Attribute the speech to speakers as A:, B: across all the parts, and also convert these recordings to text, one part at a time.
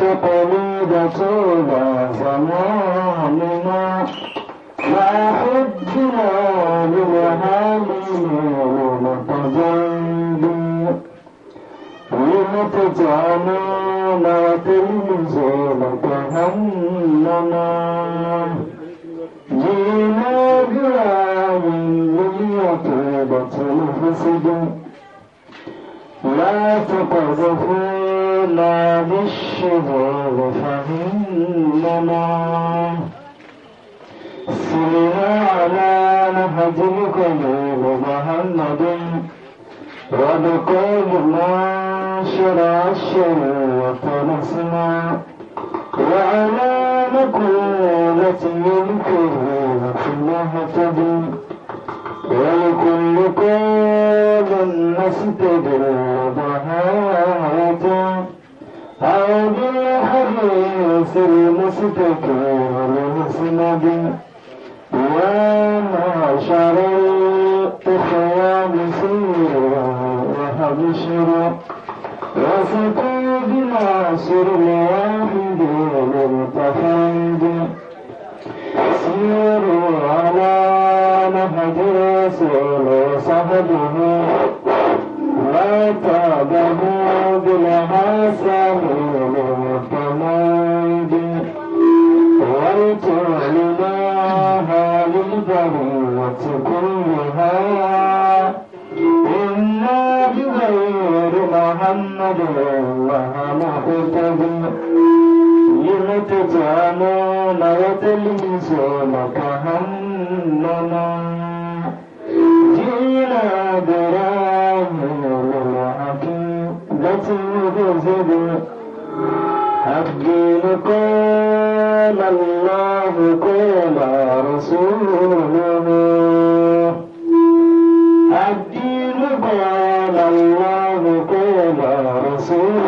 A: تقليد طوبى زماننا لا حدنا بالهامين والمتجنبي والمتجانين وتلمزين كهننا جينا بها من ليطيب الفسد لا تقذفونا بالشر الشباب فإنما سرنا على نهجكم ومهند وبكل ناشر الشر وطلسنا وعلى مقولة منكم وكل مهتدي ولكل قول نستدر ضهاته أو بالحديث المستكبر المسند يا معشر الإخوان سيروا وأبشروا وفقوا بناصر الواحد المتفند سيروا على نهج رسول صحبه وأصابه بالحسن المحتمد ولتعلناها للبرية كلها إنا بغير محمد وهل مهتدي يمتتعنون وتلمسون كهنما جئنا براد الكذب الدين قال الله قال رسوله الدين قال الله قال رسوله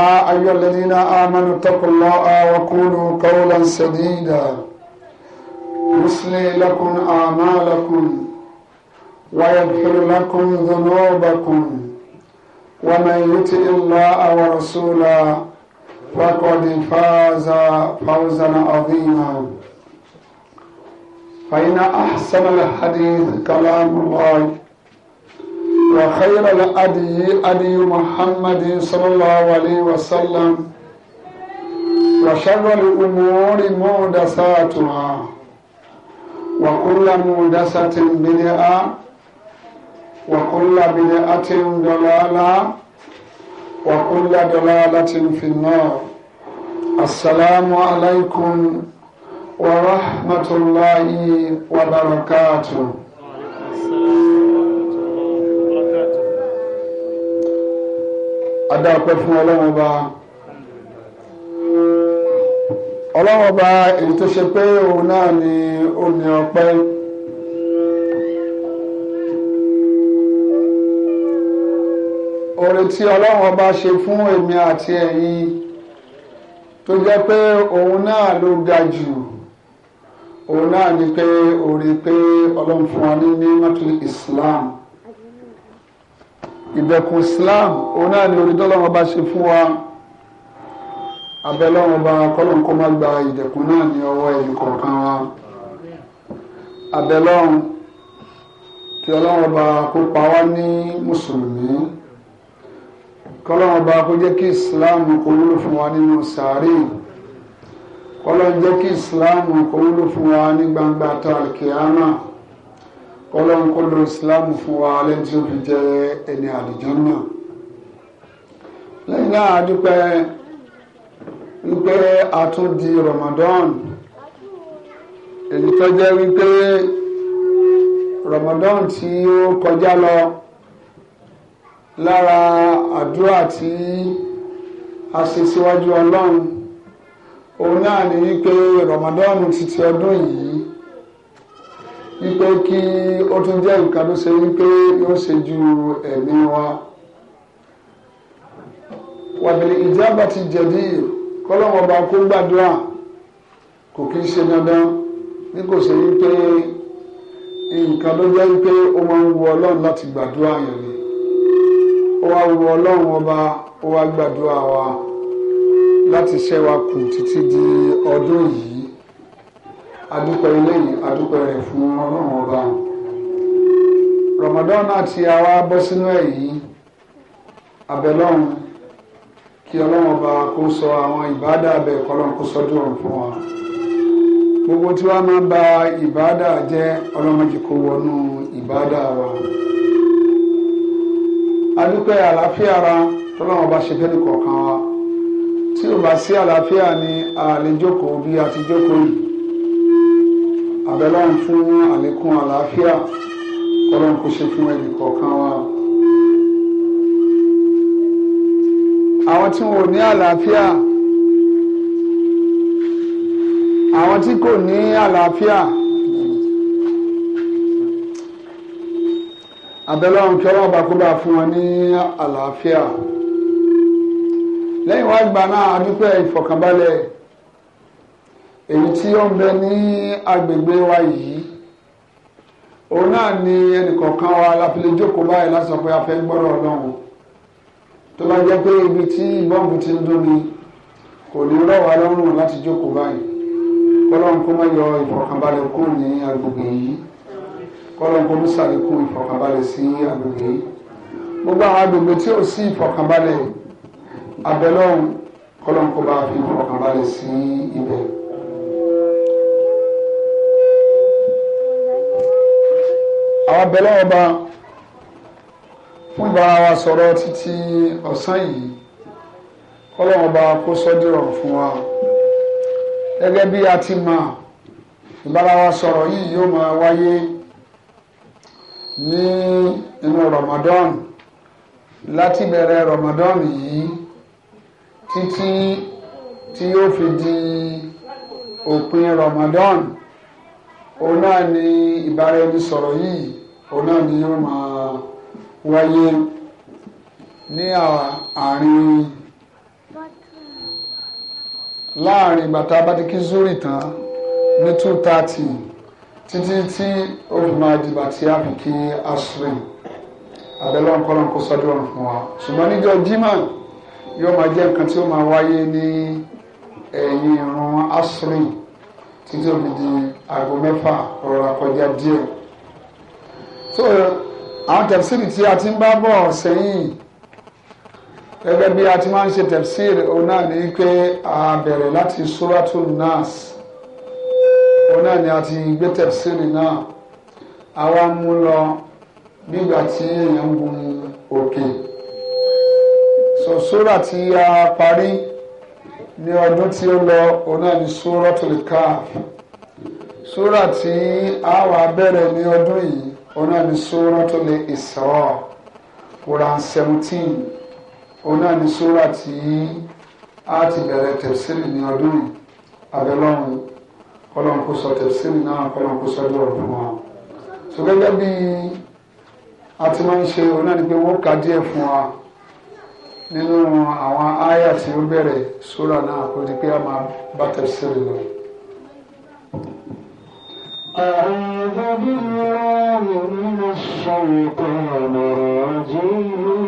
B: يا أيها الذين آمنوا اتقوا الله وقولوا قولا سديدا يصلي لكم أعمالكم ويغفر لكم ذنوبكم ومن يطع الله ورسوله فقد فاز فوزا عظيما فإن أحسن الحديث كلام الله وخير الأدي أدي محمد صلى الله عليه وسلم وشر الأمور مودساتها وكل مودسة بدعة وكل بدعة ضلالة وكل ضلالة في النار السلام عليكم ورحمة الله وبركاته adáwọ̀pẹ́ fún ọlọ́run ọba ọlọ́run ọba èyí tó ṣe pé òun náà ni ó ní ọpẹ́ oore tí ọlọ́run ọba ṣe fún èmi àti ẹ̀yin tó jẹ́ pé òun náà ló ga jù òun náà ni pé oore pé ọlọ́run fún wa ní ní mọ́tò Islam ìdẹ̀kùn Islam òun náà ni onítọ́lọ́wọ́ bá ṣe fún wa abẹ́lọ́wọ́ bá kọ́lọ́n kó má gba ìdẹ̀kùn náà ní ọwọ́ ẹ̀yìn kọ̀ọ̀kan wa abẹ́lọ́wọ́ kí ọlọ́wọ́ bá kó pa wá ní mùsùlùmí kọ́lọ́wọ́ bá kó jẹ́ kí Islam kó wúlò fún wa nínú sàárè kọ́lọ́n jẹ́ kí Islam kó wúlò fún wa ní gbangba tàlkìámà. Ta kọ́lọ́n kó lo islam fún wa lẹ́yìn tí ó fi jẹ́ ẹni àlùjànnà lẹ́yìn náà dúpẹ́ wípé a tún di Ramadan èyí tó jẹ́ wípé Ramadan tí ó kọjá lọ lára àdúrà tí a ṣe síwájú ọlọ́run òun náà ní wípé Ramadan títí ọdún yìí wípé kí ó tún jẹ́ nǹkan tó ṣe wípé yóò ṣe ju ẹ̀mí wa. wàbẹ̀lẹ̀ ìjábà ti jẹ̀dí kọ́lọ́wọ́ bá kó gbàdúrà kò kí ń ṣe dandan bí kò ṣe wípé nǹkan ló jẹ́ wípé ó máa ń wu ọlọ́run láti gbàdúrà yẹn ni ó wá wu ọlọ́run ọba ó wá gbàdúrà wa láti ṣẹ́ wa kù títí di ọdún yìí adúpẹ́ eléyìí adúpẹ́ rẹ̀ fún ọlọ́run ọba Ramadan àti àwa bọ́ sínú ẹ̀ yìí abẹ́lọ́run kí ọlọ́run ọba kó sọ àwọn ìbáàdà abẹ kọlọ́run kó sọ́dún ọ̀run fún wa gbogbo tí wàá máa ba ìbáàdà jẹ́ ọlọ́mọdé kó wọnú ìbáàdà wa adúpẹ́ àlàáfíà ara tọ́lọ́run ọba ṣe fẹ́ẹ́ nìkọ̀ọ̀kan wa tí ò bá sí àlàáfíà ni a lè bí a ti jókòó yìí abẹ́lọ́run fún àlékún àlàáfíà ọlọ́run kò ṣe fún ẹnì kọ̀ọ̀kan wa. àwọn tí wọn ò ní àlàáfíà àwọn tí kò ní àlàáfíà abẹ́lọ́run kí ọlọ́run bá kó bá fún wọn ní àlàáfíà lẹ́yìn wá gbà náà a dúpẹ́ ìfọ̀kànbalẹ̀ èyí tí ó ń bẹ ní agbègbè wa yìí òun náà ni ẹnìkọ̀ọ̀kan wa la fi lè jókòó báyìí láti sọ pé a fẹ́ gbọ́rọ̀ ọlọ́run tó bá jẹ́ pé ibi tí ìbọ̀mù ti ń dún ni kò ní rọ̀ wá lọ́rùn láti jókòó báyìí kọ́lọ́n kó má yọ ìfọ̀kànbalẹ̀ kù ní agbègbè yìí kọ́lọ́n kó mú sàlékún ìfọ̀kànbalẹ̀ sí agbègbè yìí gbogbo àwọn agbègbè tí ò sí ìfọ̀kànbalẹ̀ abẹ́lọ́run kọ́lọ́n kó bá fi ìfọ̀kànbalẹ̀ sí ibẹ̀. àwọn abẹ́lẹ́ ọba fún ìbára wa sọ̀rọ̀ títí ọ̀sán yìí kọ́lọ́wọ́n ọba kó sọ́dírọ̀ fún wa gẹ́gẹ́ bí a ti mọ̀ ìbára wa sọ̀rọ̀ yìí yóò máa wáyé ní inú Ramadan láti bẹ̀rẹ̀ Ramadan yìí títí tí yóò fi di òpin Ramadan òun náà ni ìbára ẹni sọ̀rọ̀ yìí òun náà ni yóò máa wáyé ní àárín láàrin ìgbà tá a bá ti kí zúrì tán ní two thirty títí tí ó fi máa dìgbà tí a fi kí asrin abẹ́lẹ́ ọ̀nkọ́lọ́n kó sọ́jú ọ̀run fún wa ṣùgbọ́n níjọ́ jimá yóò máa jẹ́ nǹkan tí ó máa wáyé ní ẹ̀yìn ìrun asrin títí ó fi di aago mẹ́fà ọ̀rọ̀ àkọjá díẹ̀ so àwọn tẹ̀síìrì tí a ti ń bá bọ̀ sẹ́yìn gẹ́gẹ́ bí a ti máa ń ṣe tẹ̀síìrì òun náà ní pé a bẹ̀rẹ̀ láti suratul nas òun náà ni a ti gbé tẹ̀síìrì náà àwa mú lọ nígbà tí èèyàn ń gun òkè so sura tí a parí ní ọdún tí ó lọ òun náà ni suratul Kahf sura tí a wà bẹ̀rẹ̀ ní ọdún yìí Ona ni Suratul Isra Quran seventeen Ona ni sóra tí a ti bẹ̀rẹ̀ tẹ̀sílì ní ọdún yìí abẹ́lọ́run kọ́lọ́n kó sọ tẹ̀sílì náà kọ́lọ́n kó sọ lọ́rọ̀ fún wa. sọ gẹ́gẹ́ bí a ti máa ṣe ọ̀nà ni pé wọ́n ka díẹ̀ fún wa nínú àwọn àyà tí ó bẹ̀rẹ̀ sóra náà kó di pé a máa bá tẹ̀sílì lọ.
A: أعوذ بالله الشيطان الرجيم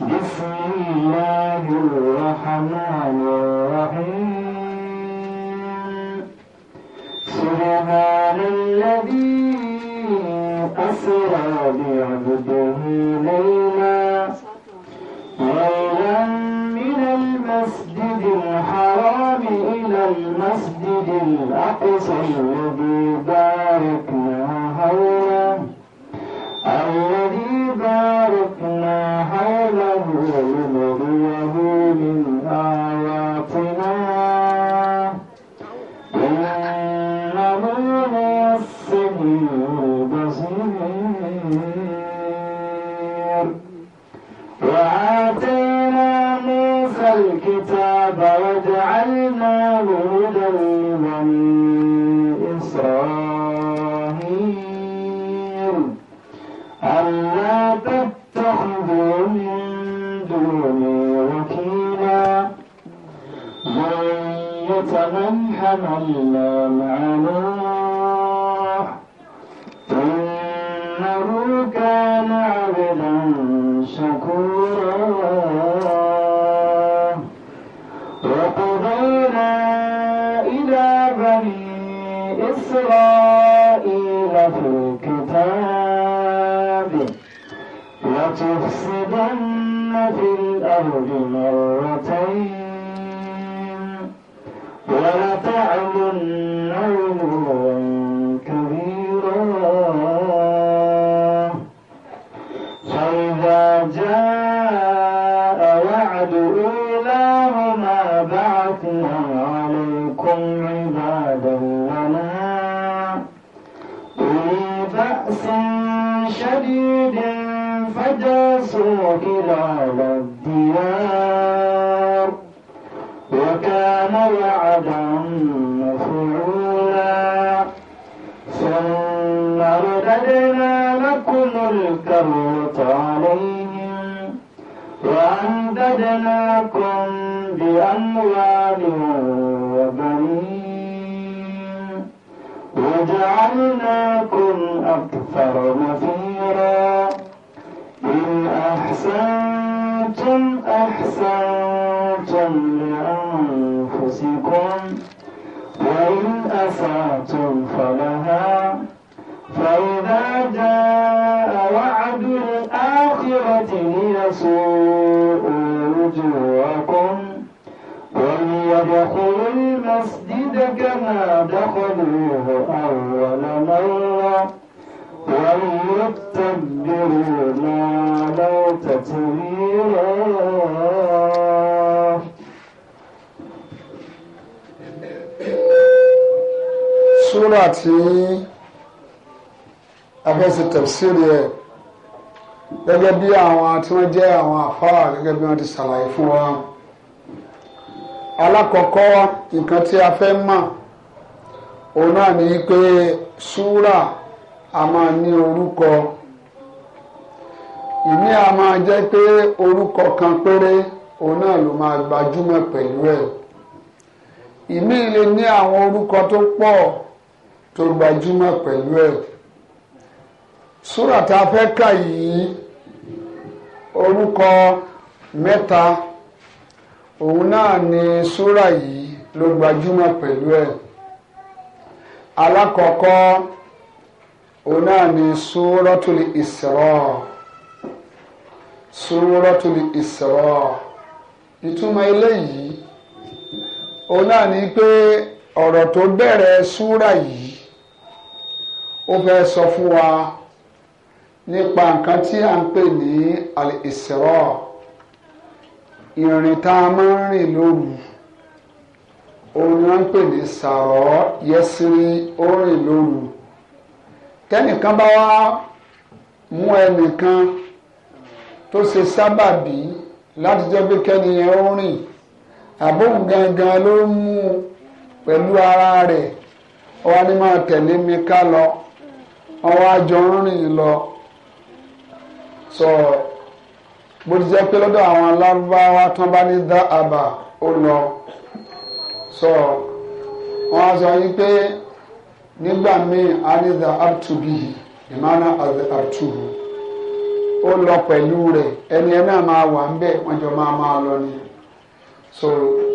A: بسم الله الرحمن الرحيم سبحان الذي أسرى بعبده ليلا المسجد الأقصى الذي باركنا فمن حملنا مع نوح إنه كان عبدا شكورا وقضينا إلى بني إسرائيل في الكتاب لتفسدن في الأرض مرتين كبيرا فإذا جاء وعد بعثنا عليكم عبادا لنا بأس شديد فجاسوا خلال الديار صَرْعَةً مفعولا ثُمَّ رَدَدْنَا لَكُمُ الْكَرَّةَ عَلَيْهِمْ وَأَمْدَدْنَاكُم بِأَمْوَالٍ وَبَنِينَ وَجَعَلْنَاكُمْ أَكْثَرَ نَفِيرًا إِنْ أَحْسَنتُمْ أَحْسَنتُمْ لِأَنفُسِكُمْ أنفسكم وإن أسأتم فلها فإذا جاء وعد الآخرة ليسوء وجوهكم وليدخلوا المسجد كما دخلوه أول مرة وليتبروا ما لو تتبيرا súrà tí
B: afẹ́sẹ̀ tẹ̀síìrì ẹ̀ gẹ́gẹ́ bí àwọn tí wọ́n jẹ́ àwọn àfáà gẹ́gẹ́ bí wọ́n ti ṣàlàyé fún wa alákọ̀ọ́kọ́ nǹkan tí a fẹ́ mọ̀ òun náà ní pé súrà a máa ní orúkọ ìní a máa jẹ́ pé orúkọ kan péré òun náà ló máa gbajúmọ̀ pẹ̀lú ẹ̀ ìmí lè ní àwọn orúkọ tó pọ̀ tó gbajúmọ̀ pẹ̀lú ẹ̀ súrà tá a fẹ́ kà yìí orúkọ mẹ́ta òun náà ni súrà yìí ló gbajúmọ̀ pẹ̀lú ẹ̀ alákọ̀ọ́kọ́ òun náà ni súrọ́tùlì ìsírà súrọ́tùlì ìsírà ìtumọ̀ eléyìí òun náà ni pé ọ̀rọ̀ tó bẹ̀rẹ̀ súrà yìí ó fẹ́ sọ fún wa nípa nǹkan tí a ń pè ní al-Isra ìrìn tá a máa ń rìn lóru òun ni wọ́n ń pè ní sàrọ́ yẹsiri ó rìn lóru tẹ́nìkan bá wá mú ẹnìkan tó ṣe sábàbí láti jẹ́ pé kẹ́niyẹn ó rìn àbóhùn gangan ló mú pẹ̀lú ara rẹ̀ ó wá ní máa tẹ̀lé mi ká lọ ọwọ́ àjọ ń rìn lọ sọ bó ti jẹ́ pé lọ́dọ̀ àwọn alárúbáwá tán bá ní dá lọ sọ wọ́n á sọ pé nígbà míì a ní dá àtúbí ìmánà ó lọ pẹ̀lú rẹ̀ ẹni ẹ náà máa wà ń bẹ̀ wọ́n jọ máa lọ ni Sọ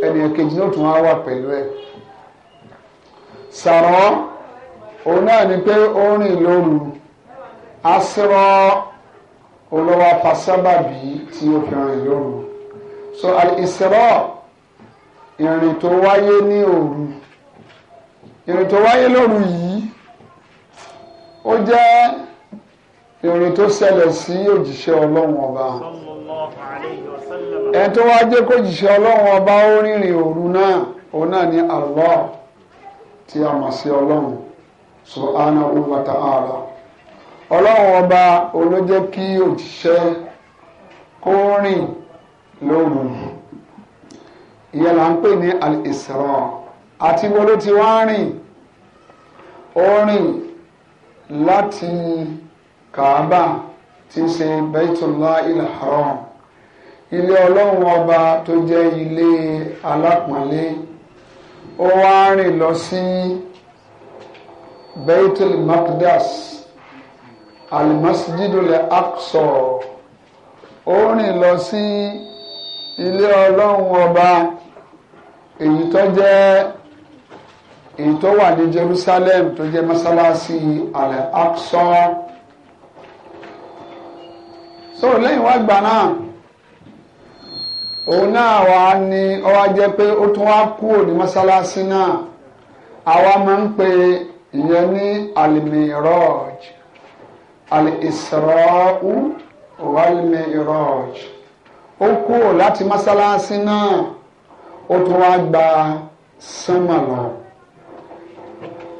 B: ẹni kejì náà tún wá wà pẹ̀lú ẹ̀ òun náà ni pé ó rìn lóru asírọ́ olówó afasábàbí tí ó fi rìn lóru so ìsirọ́ ìrìn tó wáyé ní òru ìrìn tó wáyé lóru yìí ó jẹ́ ìrìn tó ṣẹlẹ̀ sí òjìṣẹ́ ọlọ́run ọba ẹ̀ tó wá jẹ́ kó òjìṣẹ́ ọlọ́run ọba ó rìnrìn òru náà òun náà ni Allah tí a mọ̀ sí ọlọ́run subhanahu wa ta'ala ọlọ́run ọba olójẹ́ kí òjíṣẹ́ kó rìn lóru ìyẹn là ń pè ní al-Isra àti wo ló ti wá rìn ó rìn láti Kaaba tí ṣe Baitullahil Haram ilé ọlọ́run ọba tó jẹ́ ilé alápọ̀nlé ó wá rìn lọ sí. Si baitul maqdas alimasijidul aqsa ó rìn lọ sí ilé ọlọ́run ọba èyí tó jẹ́ èyí tó wà ní Jerusalem tó jẹ́ mọ́sálásí alẹ́ aqsa so lẹ́yìn wá gbà náà òun náà wà ní ó wá jẹ́ pé ó tún wá kúrò ní mọ́sálásí náà àwa máa ń pe ìyẹn ní alimiraj alisra'u walmiraj ó kúrò láti mọ́sálásí náà ó tún wá gba sánmà lọ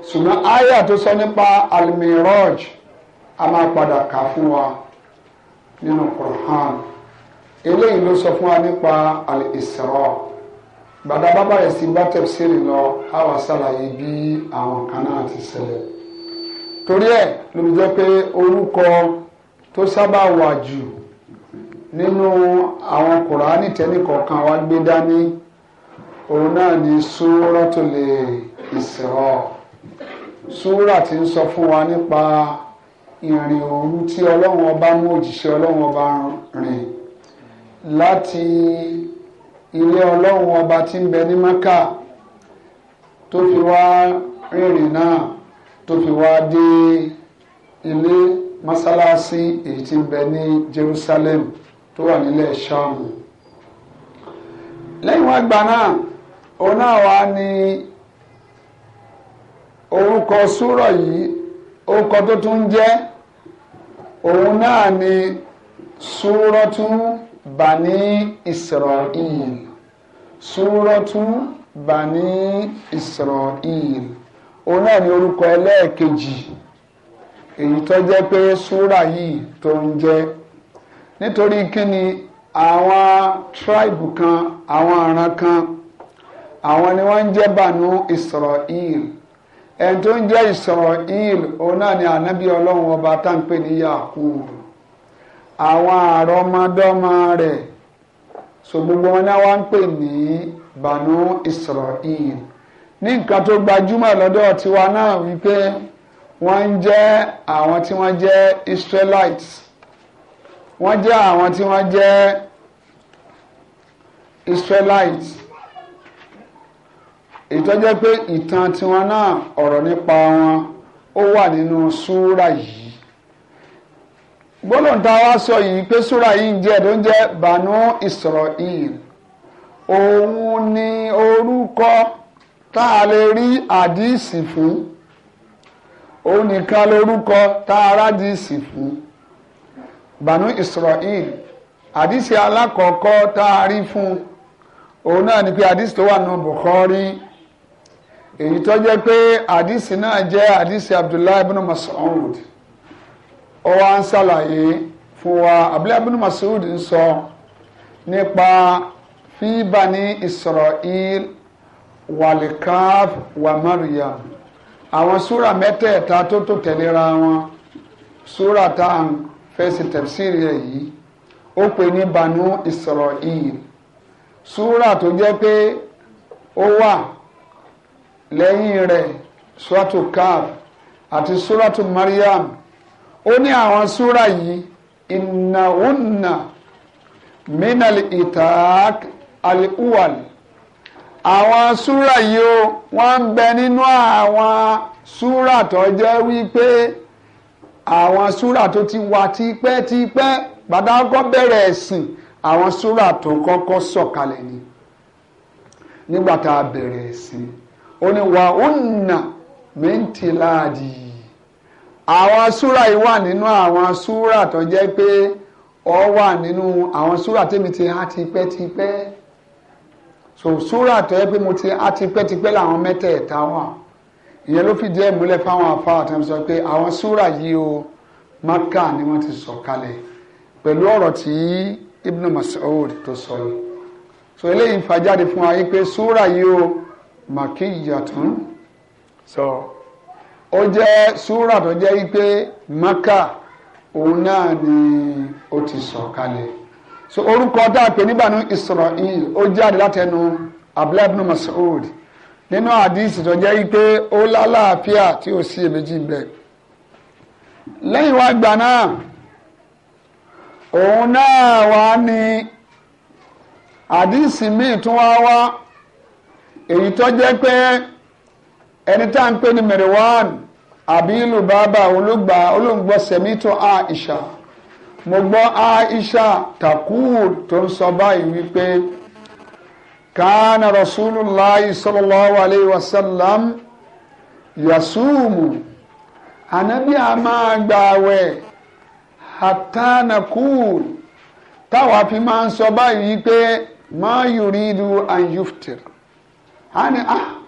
B: ṣùgbọ́n àyà tó sọ nípa alimiraj a máa padà kà fún wa nínú Qur'an eléyìí ló sọ fún wa nípa alisra'u. gbàdá bábà yẹn sì bá tẹ̀síìrì lọ àwọn ṣàlàyé bí àwọn kan náà ti ṣẹlẹ̀ torí ẹ̀ ló jẹ́ pé orúkọ tó sábà wà jù nínú àwọn kùránì tẹ́nìkọ̀ọ̀kan wa gbé dání òun náà ni Suratul Isra súrà tí ń sọ fún wa nípa ìrìn òru tí ọlọ́run ọba mú òjìṣẹ́ ọlọ́run ọba rìn láti ilé ọlọ́run ọba tí ń bẹ ní maka tó fi wá rìnrìn náà tó fi wá dé ilé mọ́sálásí èyí tí ń bẹ ní Jerusalem tó wà nílẹ̀ ṣáàmù lẹ́yìn wá gbà náà òun náà wá ní orúkọ súrọ̀ yìí orúkọ tó tún jẹ́ òun náà ní súrọ̀ tún. bani israel súrọ́tù bani isra'il òun náà ni orúkọ ẹlẹ́ẹ̀kejì èyí tó jẹ́ pé súrà yìí tó ń jẹ́ nítorí kíni àwọn tribe kan àwọn àran kan àwọn ni wọ́n ń jẹ́ bànú isra'il ẹni tó ń jẹ́ isra'il òun náà ni ànábì ọlọ́run ọba tá à ń pè ní yakubu àwọn àrọmọdọ́mọ rẹ̀ so gbogbo wọn náà wá ń pè ní banu israel ní nǹkan tó gbajúmọ̀ lọ́dọ̀ tiwa náà wípé wọ́n ń jẹ́ àwọn tí wọ́n jẹ́ israelites wọ́n jẹ́ àwọn tí wọ́n jẹ́ israelites ìtọ́jẹ́ pé ìtàn tiwọn náà ọ̀rọ̀ nípa wọn ó wà nínú súrà yìí gbólóhùn tá a wá sọ yìí pé súrà yìí ń jẹ́ tó ń jẹ́ banu israel òun ni orúkọ tá a lè rí àdìsí fún òun nìkan lórúkọ tá a rádìsí fún banu israel àdìsí alákọ̀ọ́kọ́ tá a rí fún òun náà ni pé àdìsí tó wà nù Bukhari èyí tó jẹ́ pé àdìsí náà jẹ́ àdìsí Abdullahi ibn Mas'ud ó wá ń ṣàlàyé fún wa Abdullahi bin Mas'ud ń sọ nípa fi Bani Israel walikaf wa Maryam àwọn súrà mẹ́tẹ̀ẹ̀ta tó tó tẹ̀léra wọn súrà tá à ń fẹsẹ̀ tẹ̀síìrì rẹ̀ yìí ó pè ní Banu Israel súrà tó jẹ́ pé ó wà lẹ́yìn rẹ̀ suratu kaf àti suratu Maryam ó ní àwọn súrà yìí ìnáwónà minal itak alihuwal àwọn súrà yìí ó o ń bẹ nínú àwọn súrà tó jẹ́ wípé àwọn súrà tó ti wà tipẹ́tipẹ́ gbàdákọ́ bẹ̀rẹ̀ ẹ̀sìn àwọn súrà tó kọ́kọ́ sọ̀kalẹ̀ ni nígbà tá a bẹ̀rẹ̀ ẹ̀sìn ó ní wàhùnà yìí àwọn súrà yìí wà nínú àwọn súrà tó jẹ́ pé ọ wà nínú àwọn súrà tèmi ti há tipẹ́tipẹ́ so súrà tó jẹ́ pé mo ti há tipẹ́tipẹ́ làwọn mẹ́tẹ̀ẹ̀ta wà ìyẹn ló fìdí ẹ̀ múlẹ̀ fáwọn afáà tó sọ pé àwọn súrà yìí o Mákà ni wọ́n ti sọ kalẹ̀ pẹ̀lú ọ̀rọ̀ tí Ibn Mas'ud tó sọ yìí so eléyìí fàjáde fún wa yìí pé súrà yìí o Makiyyatun sọ. So, ó jẹ́ súrà tó jẹ́ wípé maka òun náà ni ó ti sọ̀ kalẹ̀ so orúkọ tá a pè ní Banu Israel ó jáde látẹnu Abdullahi ibn Mas'ud nínú àdìsí tó jẹ́ wípé ó lálàáfíà tí ò sí èméjì ń bẹ lẹ́yìn wá gbà náà òun náà wá ní àdìsí míì tún wá wá èyí tó jẹ́ pé ẹni tá à ń pè ní Marwan àbílù bàbá olùgbà olóńgbò sẹ̀mítò Aisha mo gbọ́ Aisha takuhu tó ń sọ báyìí wípé kánà Rasulullahi sallallahu alayhi wa sallam yasuumu ànábì a máa gbààwẹ̀ hatanakul táwa fi máa ń sọ báyìí wípé ma yuridu an yuftir. Hani ah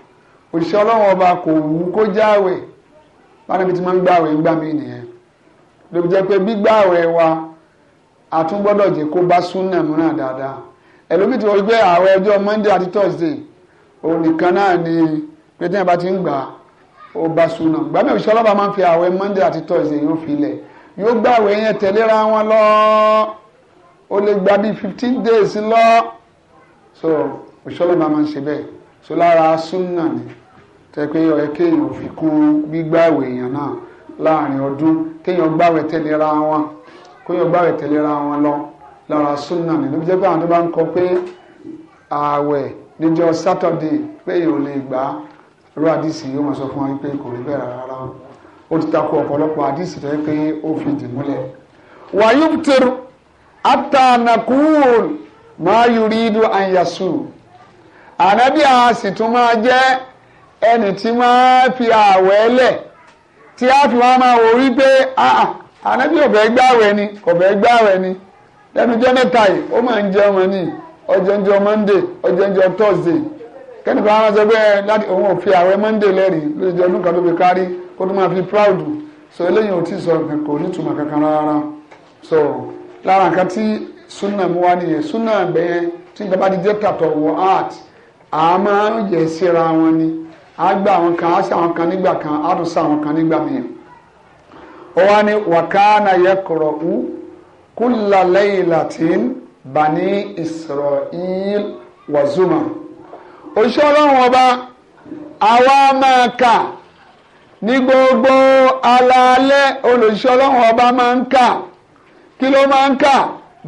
B: òṣìṣẹ́ ọlọ́run ọba kò wù kó jáwèé bára bí ti máa ń gbàwẹ̀ ń gbà nìyẹn lóbi jẹ́ pé gbígbàwẹ̀ wa a tún gbọ́dọ̀ jẹ́ kó bá súnà múnà dáadáa ẹlòmíì ti wọ́n gbé àwẹ̀ ọjọ́ Monday àti Thursday òun nìkan náà ni pé tí wọ́n bá ti ń gbà ó bá súnà gbàmí òṣìṣẹ́ ọlọ́ba máa ń fi àwẹ̀ Monday àti Thursday yóò fi lẹ̀ yóò gbàwẹ̀ yẹn tẹ̀léra wọn lọ ó lè gba bíi fifteen days lọ so òṣìṣẹ́ ọlọ́ba máa ń ṣe bẹ́ẹ̀ so lára súnà ni tẹ́ pé ó yẹ kéèyàn fi kún gbígbàwẹ̀ èèyàn náà láàrin ọdún kéèyàn gbàwẹ̀ tẹ̀léra wọn kéèyàn gbàwẹ̀ tẹ̀léra wọn lọ lára súnà nínú bí jẹ́ pé àwọn tó bá ń kọ pé ààwẹ̀ níjọ́ sátọ̀dé pé èèyàn ò lè gbà á irú àdìsí yóò máa sọ fún wa pé kò rí bẹ́ẹ̀ rárá ó ti takò ọ̀pọ̀lọpọ̀ àdìsí tó pé ó fi dì múlẹ̀. wàyí tẹ̀rù àtànàkùn máa yùrí ìdú àyàsù ànábì ẹni tí máa fi àwẹ̀ lẹ̀ tí a fi wọn máa wò pé ah, ah, ànábì ò gbàwẹ̀ ni kò gbàwẹ̀ ni lẹ́nu jẹ́ mẹ́ta yìí ó máa ń ọmọ ní ọjọ́ monday ọjọ́ thursday kẹ́nìkan wọn sọ pé eh, láti òun ò fi àwẹ̀ monday lẹ́rìí lóṣù ọdún kan ló fi kárí kó tó máa so eléyìí ò tí ì sọ kò kankan so lára nǹkan tí wá nìyẹn bẹ́ẹ̀ tí nǹkan bá agba gba àwọn kan á sí àwọn kan nígbà kan á tún sí àwọn kan nígbà mìíràn ó wá ní wàkánà yẹ kọ̀rọ̀ ú kúlà latin bani israel wazuma òṣìṣẹ́ ọlọ́run ọba àwa máa kà ní gbogbo ala olùṣọ́ ọlọ́run ọba máa ń kà kí ló máa ń kà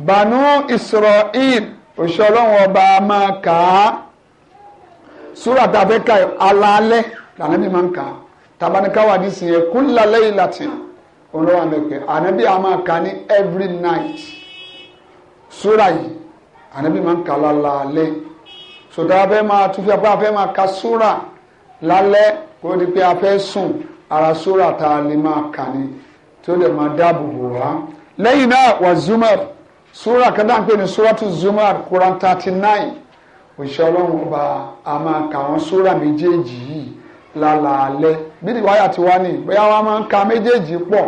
B: banu israel òṣìṣẹ́ ọlọ́run ọba máa kà á. súrà tá a fẹ́ ka alaalẹ́ lànà mi máa ń kà á tabanikawa ní sìn yẹn kúlálẹ́ ìlàtì olówó amẹ́kẹ́ ànábì a máa kà ní every night súrà yìí ànábì máa ń kà lálẹ́ sọdọ́ abẹ́ máa tún fi abẹ́ afẹ́ máa ka súrà lálẹ́ kó o di pé afẹ́ sùn ara súrà tá a lè máa kà ní tí ó lè máa dáàbò bò wá zumar súrà kan dáhùn pé ní súrà tún zumar Quran thirty nine òṣìṣẹ́ ọlọ́run ọba a máa kà wọ́n sóra méjèèjì yìí lálàálẹ́ bí ìwáyà ti wá ní bóyá wọ́n máa ń ka méjèèjì pọ̀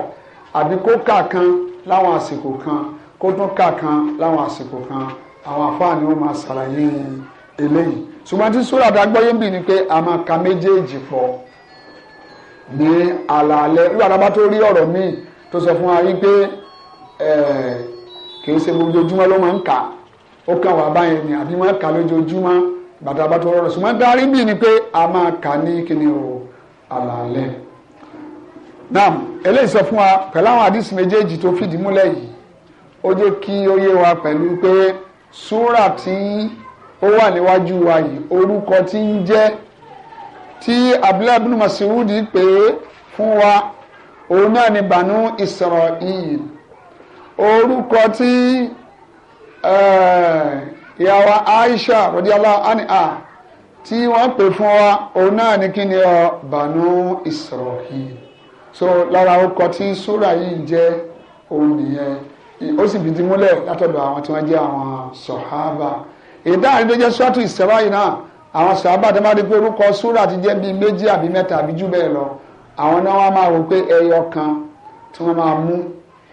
B: àbí kó kà kan láwọn àsìkò kan kó tún kà kan láwọn àsìkò kan àwọn àfáàní ó máa ṣàlàyé eléyìí ṣùgbọ́n tí sóra dágbọ́yé ń bì ní pé a máa ka méjèèjì pọ̀ ní àlàálẹ́ nígbà tá tó rí ọ̀rọ̀ míì tó sọ fún wa yí kì í ṣe gbogbo ojúmọ́ ló máa ń kà á ó kàn wá báyẹn ni àbí wọ́n kà lójoojúmọ́ bàtà bá tó rọrùn ṣùgbọ́n darí bíi ni pé a máa kà ní kíni o àlàálẹ̀ naam eléyìí sọ fún wa pẹ̀lú àwọn àdìsí méjèèjì tó fìdí múlẹ̀ yìí ó jẹ́ kí ó yé wa pẹ̀lú pé súrà tí ó wà níwájú wa yìí orúkọ tí ń jẹ́ tí Abdullahi bin Mas'ud pè é fún wa òun náà ni Banu Israel, orúkọ tí Eh, ìyá wa Aisha radiyallahu anha ah, tí wọ́n pè fún wa òun náà ní kí ni ọ Banu yìí so lára orúkọ tí súrà yìí ń jẹ́ òun nìyẹn ó sì ti múlẹ̀ látọ̀dọ̀ àwọn tí wọ́n jẹ́ àwọn sọ̀hábà èyí táwọn àdéjọ́ jẹ́ sọ́tù yìí náà àwọn sọ̀hábà tó máa di pé orúkọ súrà ti bíi méjì àbí àbí jù lọ àwọn náà wọ́n máa wò pé ẹyọ kan tí wọ́n máa mú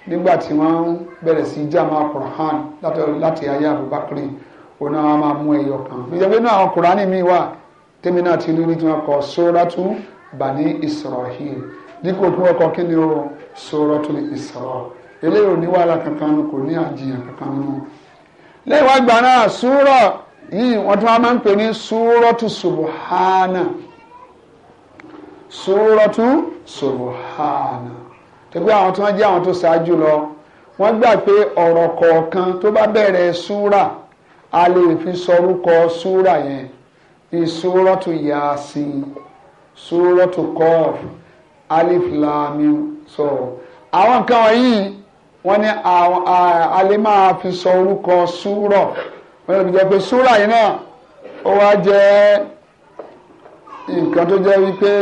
B: nígbà tí wọ́n bẹ̀rẹ̀ sí jama Qur'an láti ayé Abubakar òun àwọn máa mú ẹyọ kan ìjọba inú àwọn Qur'an mi wà tèmi náà ti lórí tí wọ́n kọ sóràtú Bani Isra'il dípò tí wọ́n kọ kí ni o sóràtú Isra eléyìí ò ní wàhálà kankan kò ní àjìyàn kankan nínú lẹ́yìn wá gbà náà súrọ̀ yìí wọ́n tún wá máa ń pè ní súrọ̀tù subuhana súrọ̀tù subuhana tẹ́gbẹ́ àwọn tí wọ́n jẹ́ àwọn tó ṣáájú lọ wọ́n gbà pé ọ̀rọ̀ kọ̀ọ̀kan tó bá bẹ̀rẹ̀ súrà a lè fi sọrúkọ súrà yẹn ní súrọ́tù yasin súrọ́tù kọ́ọ̀f alif lami sọ àwọn nǹkan wọ̀nyí wọ́n ní a máa fi sọ orúkọ súrọ̀ wọ́n lè fi jẹ́ pé súrà yìí náà ó wá jẹ́ nǹkan tó jẹ́ wípé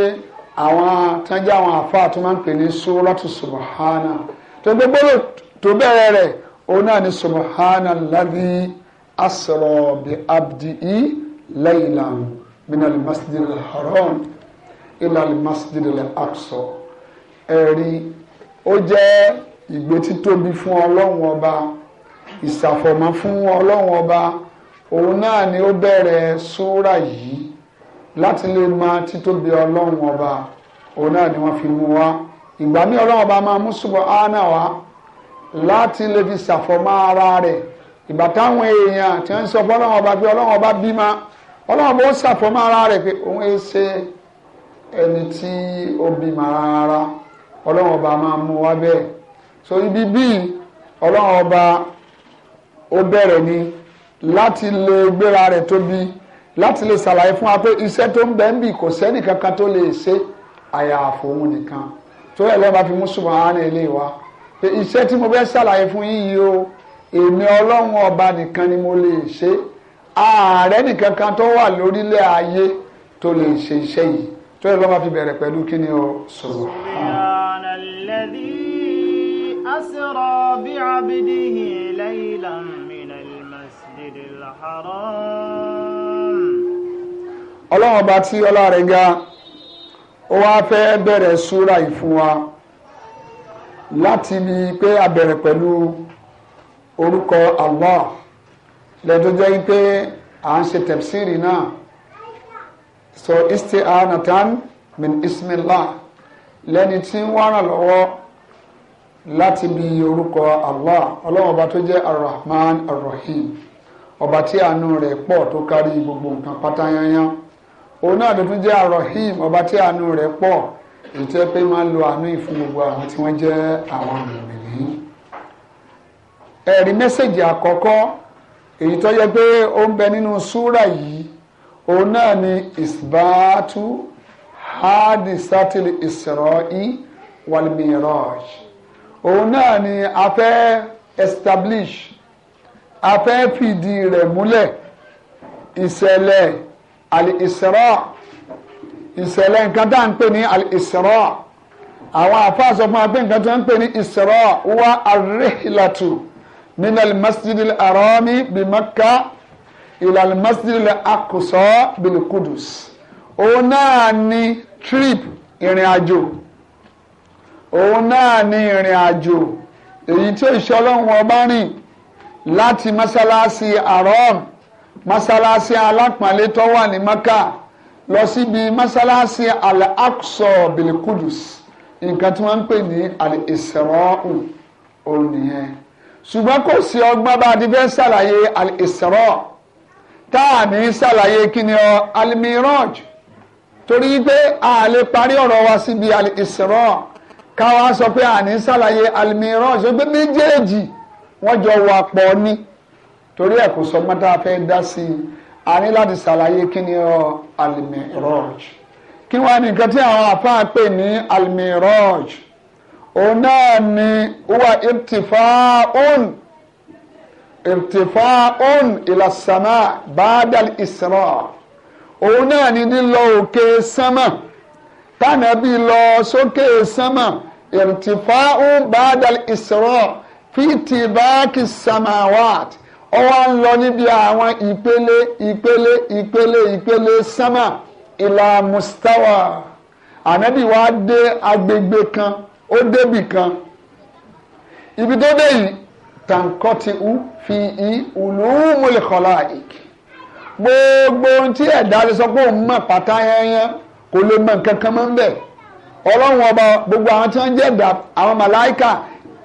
B: àwọn tán jẹ́ àwọn àfáà tó máa ń pè ní suratu subhana tó gbogbo tó bẹ̀rẹ̀ rẹ̀ òun náà ni subhana alladhi asra bi abdihi laylan minal masjid al-haram ilal masjid al-aqsa ẹ̀rí ó jẹ́ ìgbé títóbi fún ọlọ́run ọba ìsàfọ̀mọ́ fún ọlọ́run ọba òun náà ni ó bẹ̀rẹ̀ súra yìí láti lè máa títóbi ọlọ́run ọba òun náà ni wọ́n fi mú wa ìgbà mí ọlọ́run ọba máa mú ṣùgbọ́n áánà wá láti lè fi ṣàfọ̀mọ́ ara rẹ̀ ìgbà táwọn èèyàn tí wọ́n ń ọba pé ọlọ́run ọba ọlọ́run ọba òun ẹ e ṣe ẹni tí ó rárá ọba máa mú wa bẹ́ẹ̀ so ibi bíi ọlọ́run láti lè ṣàlàyé fún wa pé iṣẹ́ tó ń bẹ ń bì kò sẹ́nì kankan tó lè ṣe àyàfò òun nìkan tó yẹ lọ́ba fi mú subahana ilé wa pé iṣẹ́ tí mo fẹ́ ṣàlàyé fún yíyí o èmi ọlọ́run ọba nìkan ni mo lè ṣe ààrẹ nìkan tó wà lórílẹ̀ ayé tó lè ṣe iṣẹ́ yìí tó yẹ lọ́ba fi bẹ̀rẹ̀ pẹ̀lú kí ni o subahana
C: alladhi
B: ọlọ́run ọba tí ọlá rẹ̀ ga ó wá fẹ́ bẹ̀rẹ̀ súra yìí fún wa láti ní pé a bẹ̀rẹ̀ pẹ̀lú orúkọ Allah lẹ́tọ́ jẹ́ pé à ń ṣe tẹ̀síìrì náà so isti anatan min ismillah lẹ́ni tí ń wá ràn lọ́wọ́ láti bí orúkọ Allah ọlọ́run ọba tó jẹ́ arrahman arrahim ọba tí àánú rẹ̀ pọ̀ tó kárí gbogbo nǹkan pátáyányán òun náà ló tún jẹ́ àròhìm ọba tí àánú rẹ̀ pọ̀ èyí tó yẹ pé máa ń lo àánú yìí fún gbogbo àwọn tí wọ́n jẹ́ àwọn mùmìnì. ẹ̀rí mẹ́sẹ̀gì àkọ́kọ́ èyí tó yẹ pé ó ń bẹ nínú súrà yìí òun náà ni isbatu hadisatil isra'i wal miraj òun náà ni a fẹ́ establish a fẹ́ fìdí rẹ̀ múlẹ̀ ìṣẹ̀lẹ̀ al-Isra ìṣẹ̀lẹ̀ nǹkan tá à ń pè ní al-Isra àwọn àfáà sọ fún wa pé nǹkan tó ń pè ní Isra wa ar-rihlatu min al-masjid al-harami bi Makkah ila al-masjid al-aqsa bil Qudus òun náà ni trip ìrìn àjò òun náà ni ìrìn àjò èyí tí òṣìṣẹ́ ọba rìn láti mọ́sálásí àrọ́ọ̀mù Masalasi alápọ̀nlé tó wà ní maka lọ síbi mọ́sálásí al-Aqsa bil-Qudus nǹkan tí wọ́n ń pè ní al-Isra'u òun nìyẹn ṣùgbọ́n kò sí ọgbọ́n bá a ti fẹ́ ṣàlàyé al-Isra' tá a ní ṣàlàyé kí ọ al torí pé a lè parí ọ̀rọ̀ wa síbi al-Isra' káwa sọ pé a ní ṣàlàyé al-Miraj ṣùgbọ́n méjèèjì wọ́n jọ wà pọ̀ ni torí ẹ̀ kò sọ mọ́tà fẹ́ dá sí i a ní láti ṣàlàyé kí ni ọ alimiroj kí wàá ní nǹkan tí àwọn àfáà pè ní alimiroj òun náà ni wà irtifaun irtifaun ìlàsánà bàdàl ìsirọ òun náà ni lílọ òkè sánmà tànàbí lọ sókè sánmà irtifaun bàdàl ìsirọ fìtìbákì samawati ó wá ń lọ níbi àwọn ìpele ìpele ìpele ìpele sámà ìlà mustawa ànábì wa dé agbègbè kan ó débì kan ibi tó dé yìí tàǹkọ́tì ú fi í ulumul khalaik gbogbo ohun tí ẹ̀dá lè sọ pé òun mọ̀ pátá yẹnyẹn kò lè mọ̀ nǹkan kan mọ́ ń bẹ̀ ọlọ́run ọba gbogbo àwọn tí wọ́n jẹ́ ẹ̀dá àwọn màláìkà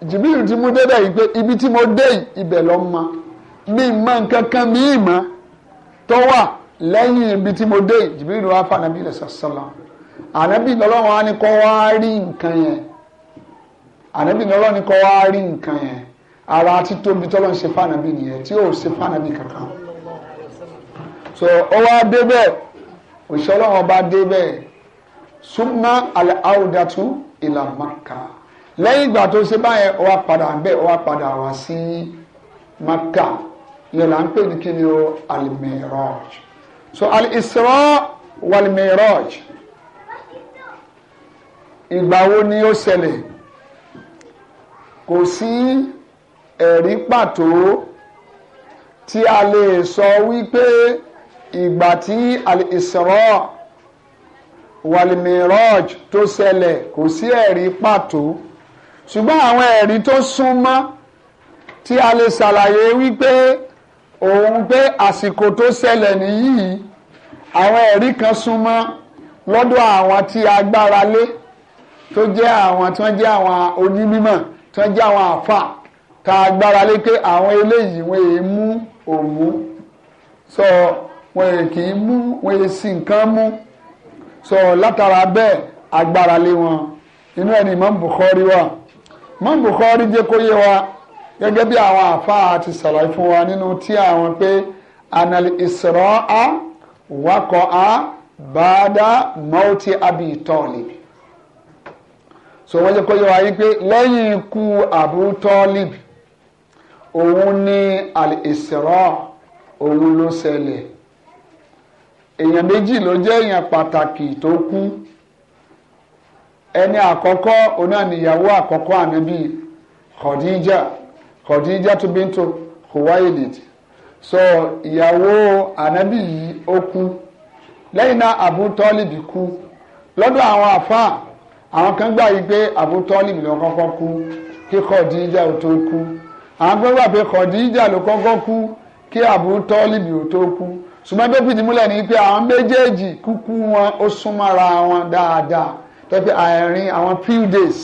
B: jìbìlì ti mú débẹ̀ yìí pé ibi tí mo dé yìí ibẹ̀ lọ́ mi mọ nǹkan kan míì mọ́ tó wà lẹ́yìn ibi tí mo dé jìbìrì wá fànàbí rẹ̀ sọ̀sọ̀lá ànábì lọ́lọ́run á ní kọ́ wá rí nǹkan yẹn ànábì lọ́lọ́run ní kọ́ wá rí nǹkan yẹn ara ti tóbi tọ́lọ́ ń ṣe fànàbí nìyẹn tí yóò ṣe fànàbí kankan so ó wá débẹ̀ òṣìṣẹ́ ọlọ́run ọba débẹ̀ súnmọ́ alẹ́ àwùdàtú ìlà Mákà lẹ́yìn ìgbà tó ṣe báyẹn ó wá padà bẹ́ẹ̀ ó wá padà wá sí Mákà yẹn là ń pè ní kí ni o al so al-Isra wal-Mi'raj ìgbà wo ni ó ṣẹlẹ̀ kò sí ẹ̀rí pàtó tí a lè sọ wípé ìgbà tí al-Isra wal-Mi'raj tó ṣẹlẹ̀ kò sí ẹ̀rí pàtó ṣùgbọ́n àwọn ẹ̀rí tó súnmọ́ tí a lè ṣàlàyé wípé òun pé àsìkò tó ṣẹlẹ̀ nìyí àwọn ẹ̀rí kan súnmọ́ lọ́dọ̀ àwọn tí agbára lé tó jẹ́ àwọn tí wọ́n jẹ́ àwọn onímọ̀ tí wọ́n jẹ́ àwọn àfà tá agbára lé pé àwọn eléyìí wọ́n èé mú òun sọ wọ́n èé kì í mú wọ́n èé sì nǹkan mú sọ látara bẹ́ẹ̀ agbára lé wọn inú ẹni Imam Bukhari wà Imam Bukhari jẹ́ kó yé wa gẹ́gẹ́ bí àwọn àfáà ti ṣàlàyé fún wa nínú tí àwọn pé anali isra'a waqa'a ba'da mauti abi Talib so wọ́n jẹ́ kó yẹ wá yí pé lẹ́yìn ikú Abu Talib òun ní al-isra òun ló ṣẹlẹ̀ èèyàn méjì ló jẹ́ èèyàn pàtàkì tó kú ẹni àkọ́kọ́ òun náà níyàwó àkọ́kọ́ ànábì Khadija Khadijatu bintu Khuwailid so ìyàwó ànábì yìí ó kú lẹ́yìn náà Abu Talib kú lọ́dọ̀ àwọn àfáà àwọn kan gbà yí pé Abu Talib ló kọ́kọ́ kú kí Khadija ò tó kú àwọn kan gbà pé Khadija ló kọ́kọ́ kú kí Abu Talib ò tó kú ṣùgbọ́n tó fìdí múlẹ̀ ni pé àwọn méjèèjì kúkú wọn ó súnmọ́ra wọn dáadáa tọ́pẹ́ àárín àwọn few days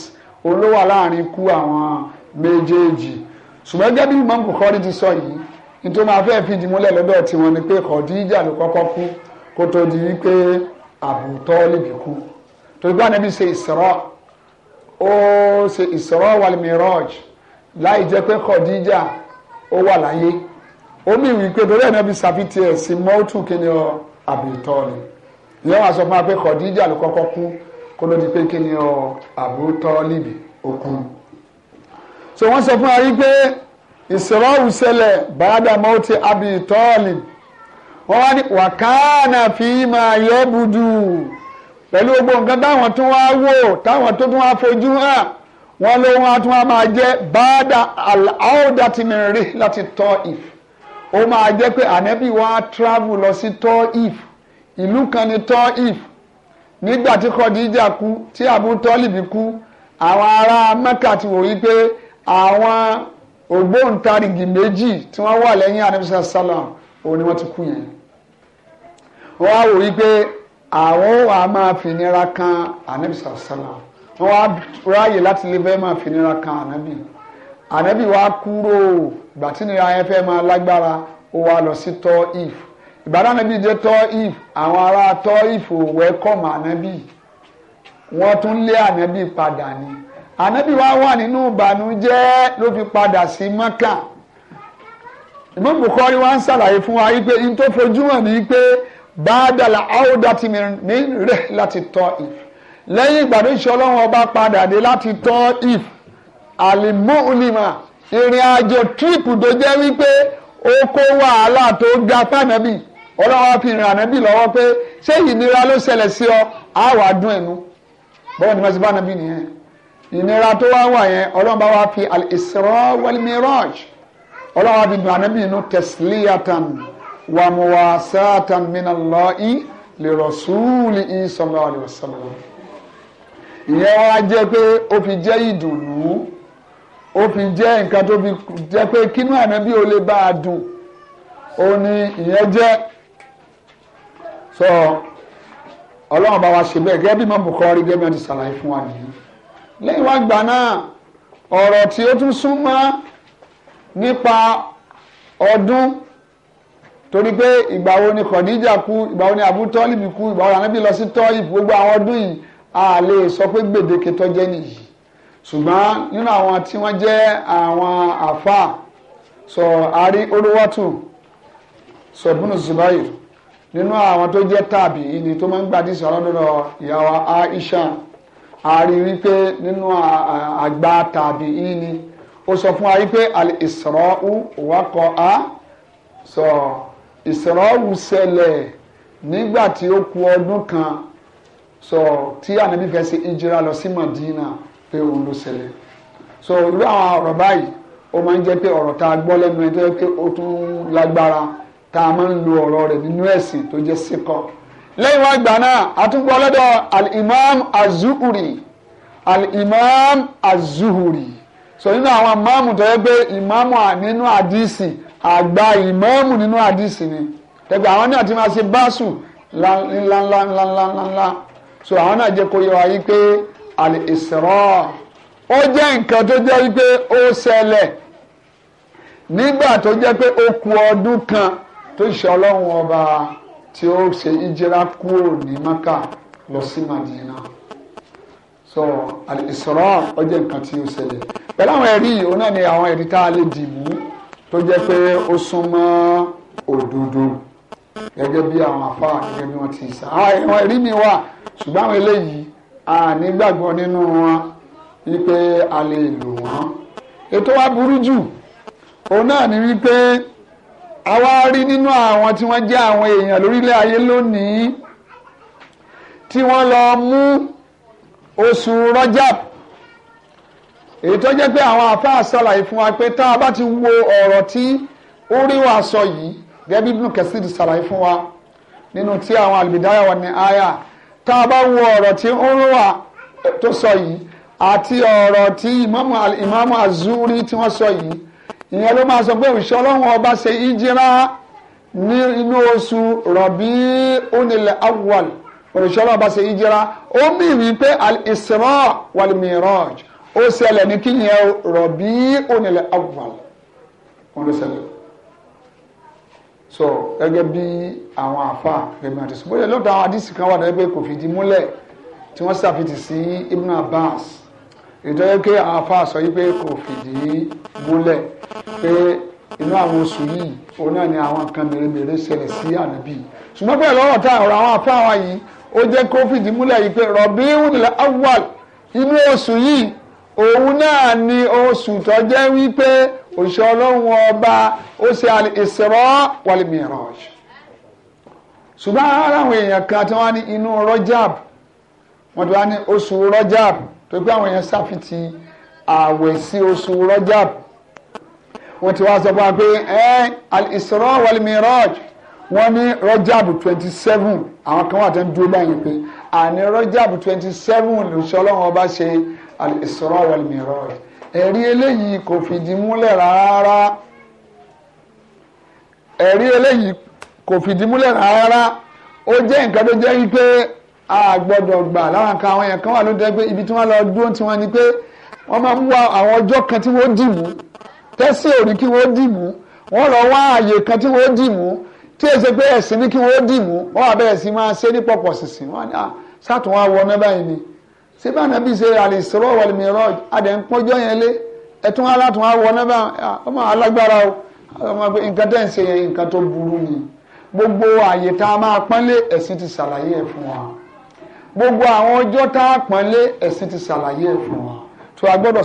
B: olówà láàrin kú àwọn méjèèjì ṣùgbọ́n gẹ́gẹ́ bí Imam Bukhari ti sọ yìí nítorí máa fẹ́ fìdí múlẹ̀ lọ́dọ̀ tiwọn ni pé Khadija ló kọ́kọ́ kú kó tó di wípé Abu Talib kú torí bá Ànábì ṣe Isra ó ṣe Isra wal Miraj láì jẹ́ pé Khadija ó wà láyé ó mì wípé torí Ànábì ṣàfitì ẹ̀ sí mọ́tò kíni ọ Abu Talib ìyẹn wàá sọ fún wa pé Khadija ló kọ́kọ́ kú kó ló di pé kíni ọ Abu Talib ó kú so wọ́n sọ fún wa wípé ìṣòro òṣẹlẹ̀ bàdà mọ́tì àbí tọ́ọ̀lì wọ́n wá ní wàkánà fi máa yẹ budu pẹ̀lú gbogbo nǹkan táwọn tún wá wò táwọn tó tún wá fojú hàn wọ́n ló wọn tún wá máa jẹ́ bàdà àlàódà ti mi rí láti tọ́ if ó máa jẹ́ pé ànẹ́bí wa travel lọ sí tọ́ if ìlú kan ni tọ́ if nígbà tí Khadija kú tí Abu Talib kú àwọn ará Mẹ́kà ti wò yí àwọn ògbóǹtarìgì méjì tí wọ́n wà lẹ́yìn anamisa salam òun ni wọ́n ti kú yẹn wọ́n á wò wípé àwọn ò wá máa fi nira kan anamisa salam wọ́n wá ráàyè láti lè fẹ́ máa fi kan anabi anabi wá kúrò ìgbà yẹn fẹ́ máa lágbára ó wá lọ sí tọ́ if ìbára anabi dé tọ́ if àwọn ará tọ́ if ò wẹ́kọ̀mù anabi wọ́n tún lé anabi padà ni ànábì wa wà nínú ìbànújẹ́ ló fi padà sí mọ́kà Imam Bukhari wa ń ṣàlàyé fún wa wípé in tó fojúmọ̀ ni pé bàdàlà áódàtì mi rẹ̀ láti tọ́ if lẹ́yìn ìgbà tó ṣe ọlọ́run ọba padà dé láti tọ́ if àlìmọ́ọ̀nìmọ̀ ìrìn àjò tírípù tó jẹ́ wípé ó kó wàhálà tó ga fànàbì ọlọ́wọ́ fi ràn ànábì lọ́wọ́ pé ṣé ìnira ló ṣẹlẹ̀ sí ọ á ẹ̀nu bọ́ọ̀ ni wọ́n ti bá ànábì nìyẹn ìnira tó wá wà yẹn ọlọ́run bá wá fi al-Isra wal-Miraj ọlọ́run wá fi dùn ànábì inú tasliyatan wa muwasatan minallahi li rasulihi sallallahu alaihi wasallam ìyẹn wá jẹ́ pé ó fi jẹ́ ìdùnnú ó fi jẹ́ nǹkan tó fi jẹ́ pé kínú ànábì ó lè bá a dùn ó ní ìyẹn jẹ́ sọ ọlọ́run bá wa ṣe bẹ́ẹ̀ gẹ́gẹ́ bí mọ́ bùkọ́rí gẹ́gẹ́ bí wọ́n ti ṣàlàyé fún wa nìyí lẹ́yìn wá gbà náà ọ̀rọ̀ tí ó tún súnmọ́ nípa ọdún torí pé ìgbà wo ni Khadija kú ìgbà wo ni Abu Talib kú ìgbà wo ni Ànábì lọ sí Tọ́yìp gbogbo àwọn ọdún yìí a lè sọ pé gbèdéke tọ́jẹ́ nìyí ṣùgbọ́n nínú àwọn tí wọ́n jẹ́ àwọn àfáà sọ àrí olówọ́tù sọ̀bùnù Zubair nínú àwọn tó jẹ́ tàbí ni tó máa ń gbàdísọ̀ lọ́dọ̀ ìyá wa a rí wípé nínú àgbà tàbí yìí ni ó sọ fún wa wípé al-Isra'u waqa'a sọ Isra'u ṣẹlẹ̀ nígbà tí ó ku ọdún kan sọ tí ànábì fẹ́ ṣe ìjìra lọ sí Madina pé òun ló ṣẹlẹ̀ so irú àwọn ọ̀rọ̀ báyìí ó máa ń jẹ́ pé ọ̀rọ̀ tá a gbọ́ lẹ́nu ẹ̀ tó yẹ pé ó tún lágbára tá a máa ń lo ọ̀rọ̀ rẹ̀ nínú ẹ̀sìn tó jẹ́ síkọ̀ọ́ lẹ́yìn wá gbà náà àtúgbọ́ lọ́dọ̀ al-imam az al-imam az-zuhuri so nínú àwọn ìmáàmù tó yẹ pé ìmáàmù nínú àdìsí àgbà ìmáàmù nínú àdìsí ni tẹ̀gbẹ́ àwọn náà ti máa ṣe báṣù
C: ńláńláńláńláńláńlá
B: so àwọn náà jẹ́ kó yẹ pé al-isra ó jẹ́ nǹkan tó jẹ́ pé ó ṣẹlẹ̀ nígbà tó pé ó tí ó ṣe ìjìra kúrò ní maka lọ sí madina so al-Isra ó jẹ́ nǹkan tí ó ṣẹlẹ̀ pẹ̀lú àwọn ẹ̀rí òun náà ni àwọn ẹ̀rí tá a lè dìbò tó jẹ́ pé ó súnmọ́ òdodo gẹ́gẹ́ bí àwọn afáà gẹ́gẹ́ bí wọ́n ti sá àwọn ẹ̀rí mi wà ṣùgbọ́n àwọn eléyìí a nígbàgbọ́ nínú wọn wípé a lè lò wọ́n ètò wa burú jù òun náà ni wípé àwa rí nínú àwọn tí wọ́n jẹ́ àwọn èèyàn lórílẹ̀ ayé lónìí tí wọ́n lọ mú oṣù Rajab èyí tó jẹ́ pé àwọn àfáà ṣàlàyé fún wa pé tá a bá ti wo ọ̀rọ̀ tí ó rí wa sọ yìí gẹ́gẹ́ bí Ibn Kathir ti fún wa nínú tí àwọn Al-Bidaya wa ní àyà tá a bá wo ọ̀rọ̀ tí ó rí wa tó sọ yìí àti ọ̀rọ̀ tí Imam al tí wọ́n sọ yìí ìyẹn ló máa sọ pé òṣìṣẹ́ ọlọ́run ọba ṣe ìjírá ní inú oṣù rọ̀bí onílẹ̀ awwal òṣìṣẹ́ ọlọ́run ọba ṣe ìjírá ó mì wí pé al-Isra wal-Miraj ó ṣẹlẹ̀ ní kíyẹn rọ̀bí onílẹ̀ awwal wọn ló ṣẹlẹ̀ so gẹ́gẹ́ bí àwọn àfa gbẹmí àti sọ bóyá lóòótọ́ àwọn àdìsí kan wà lẹ́gbẹ̀ẹ́ kò fìdí múlẹ̀ tí wọ́n ṣàfihàn sí Ibn Abbas ìtọ́jú pé àwọn afáà sọ wípé kò fìdí múlẹ̀ pé inú àwọn oṣù yìí òun náà ni àwọn nǹkan mèremère ṣẹlẹ̀ sí ànábì ṣùgbọ́n bẹ́ẹ̀ lọ́rọ̀ tá ọ̀rọ̀ àwọn afáà wa yìí ó jẹ́ kó fìdí múlẹ̀ yìí pé Rabiul Awwal inú oṣù yìí òun náà ni oṣù tó jẹ́ wípé òṣìṣẹ́ ọlọ́run ọba ó ṣe al-Isra wal-Mi'raj ṣùgbọ́n aráàlú èèyàn kan tí wọ́n ní inú Rajab wọ́n ti wá ní oṣù Rajab tó gbé àwọn èèyàn ṣàfitì ààwẹ̀ sí oṣù Rajab wọ́n ti wá sọ fún wa pé ẹ́ al-Isra wal-Miraj wọ́n ní Rajab twenty seven àwọn kan wà tó ń dúró báyìí pé àní Rajab twenty seven lòṣọ́ ọlọ́run ọba ṣe al-Isra wal-Miraj ẹ̀rí eléyìí kò fìdí múlẹ̀ rárá ẹ̀rí eléyìí kò fìdí múlẹ̀ rárá ó jẹ́ nǹkan tó jẹ́ wípé a gbọdọ gbà láwọn nǹkan àwọn yẹn kan wà ibi tí wọ́n lọ dúró tí wọ́n ní pé wọ́n máa ń wá àwọn ọjọ́ kan tí wọ́n dì mú tẹ́sí kí wọ́n dì mú lọ wá àyè kan tí wọ́n dì tí èsè pé kí wà máa ṣe ní pọ̀pọ̀ sísìn wá wọ ni o ọmọ pé nǹkan ń ṣe yẹn nǹkan tó burú ni gbogbo àyè tá a máa pọ́nlé ẹ̀sìn ti ṣàlàyé ẹ̀ gbogbo àwọn ọjọ́ tá a pọ́nlé ẹ̀sìn ti ṣàlàyé ẹ̀ fún wa tó a gbọ́dọ̀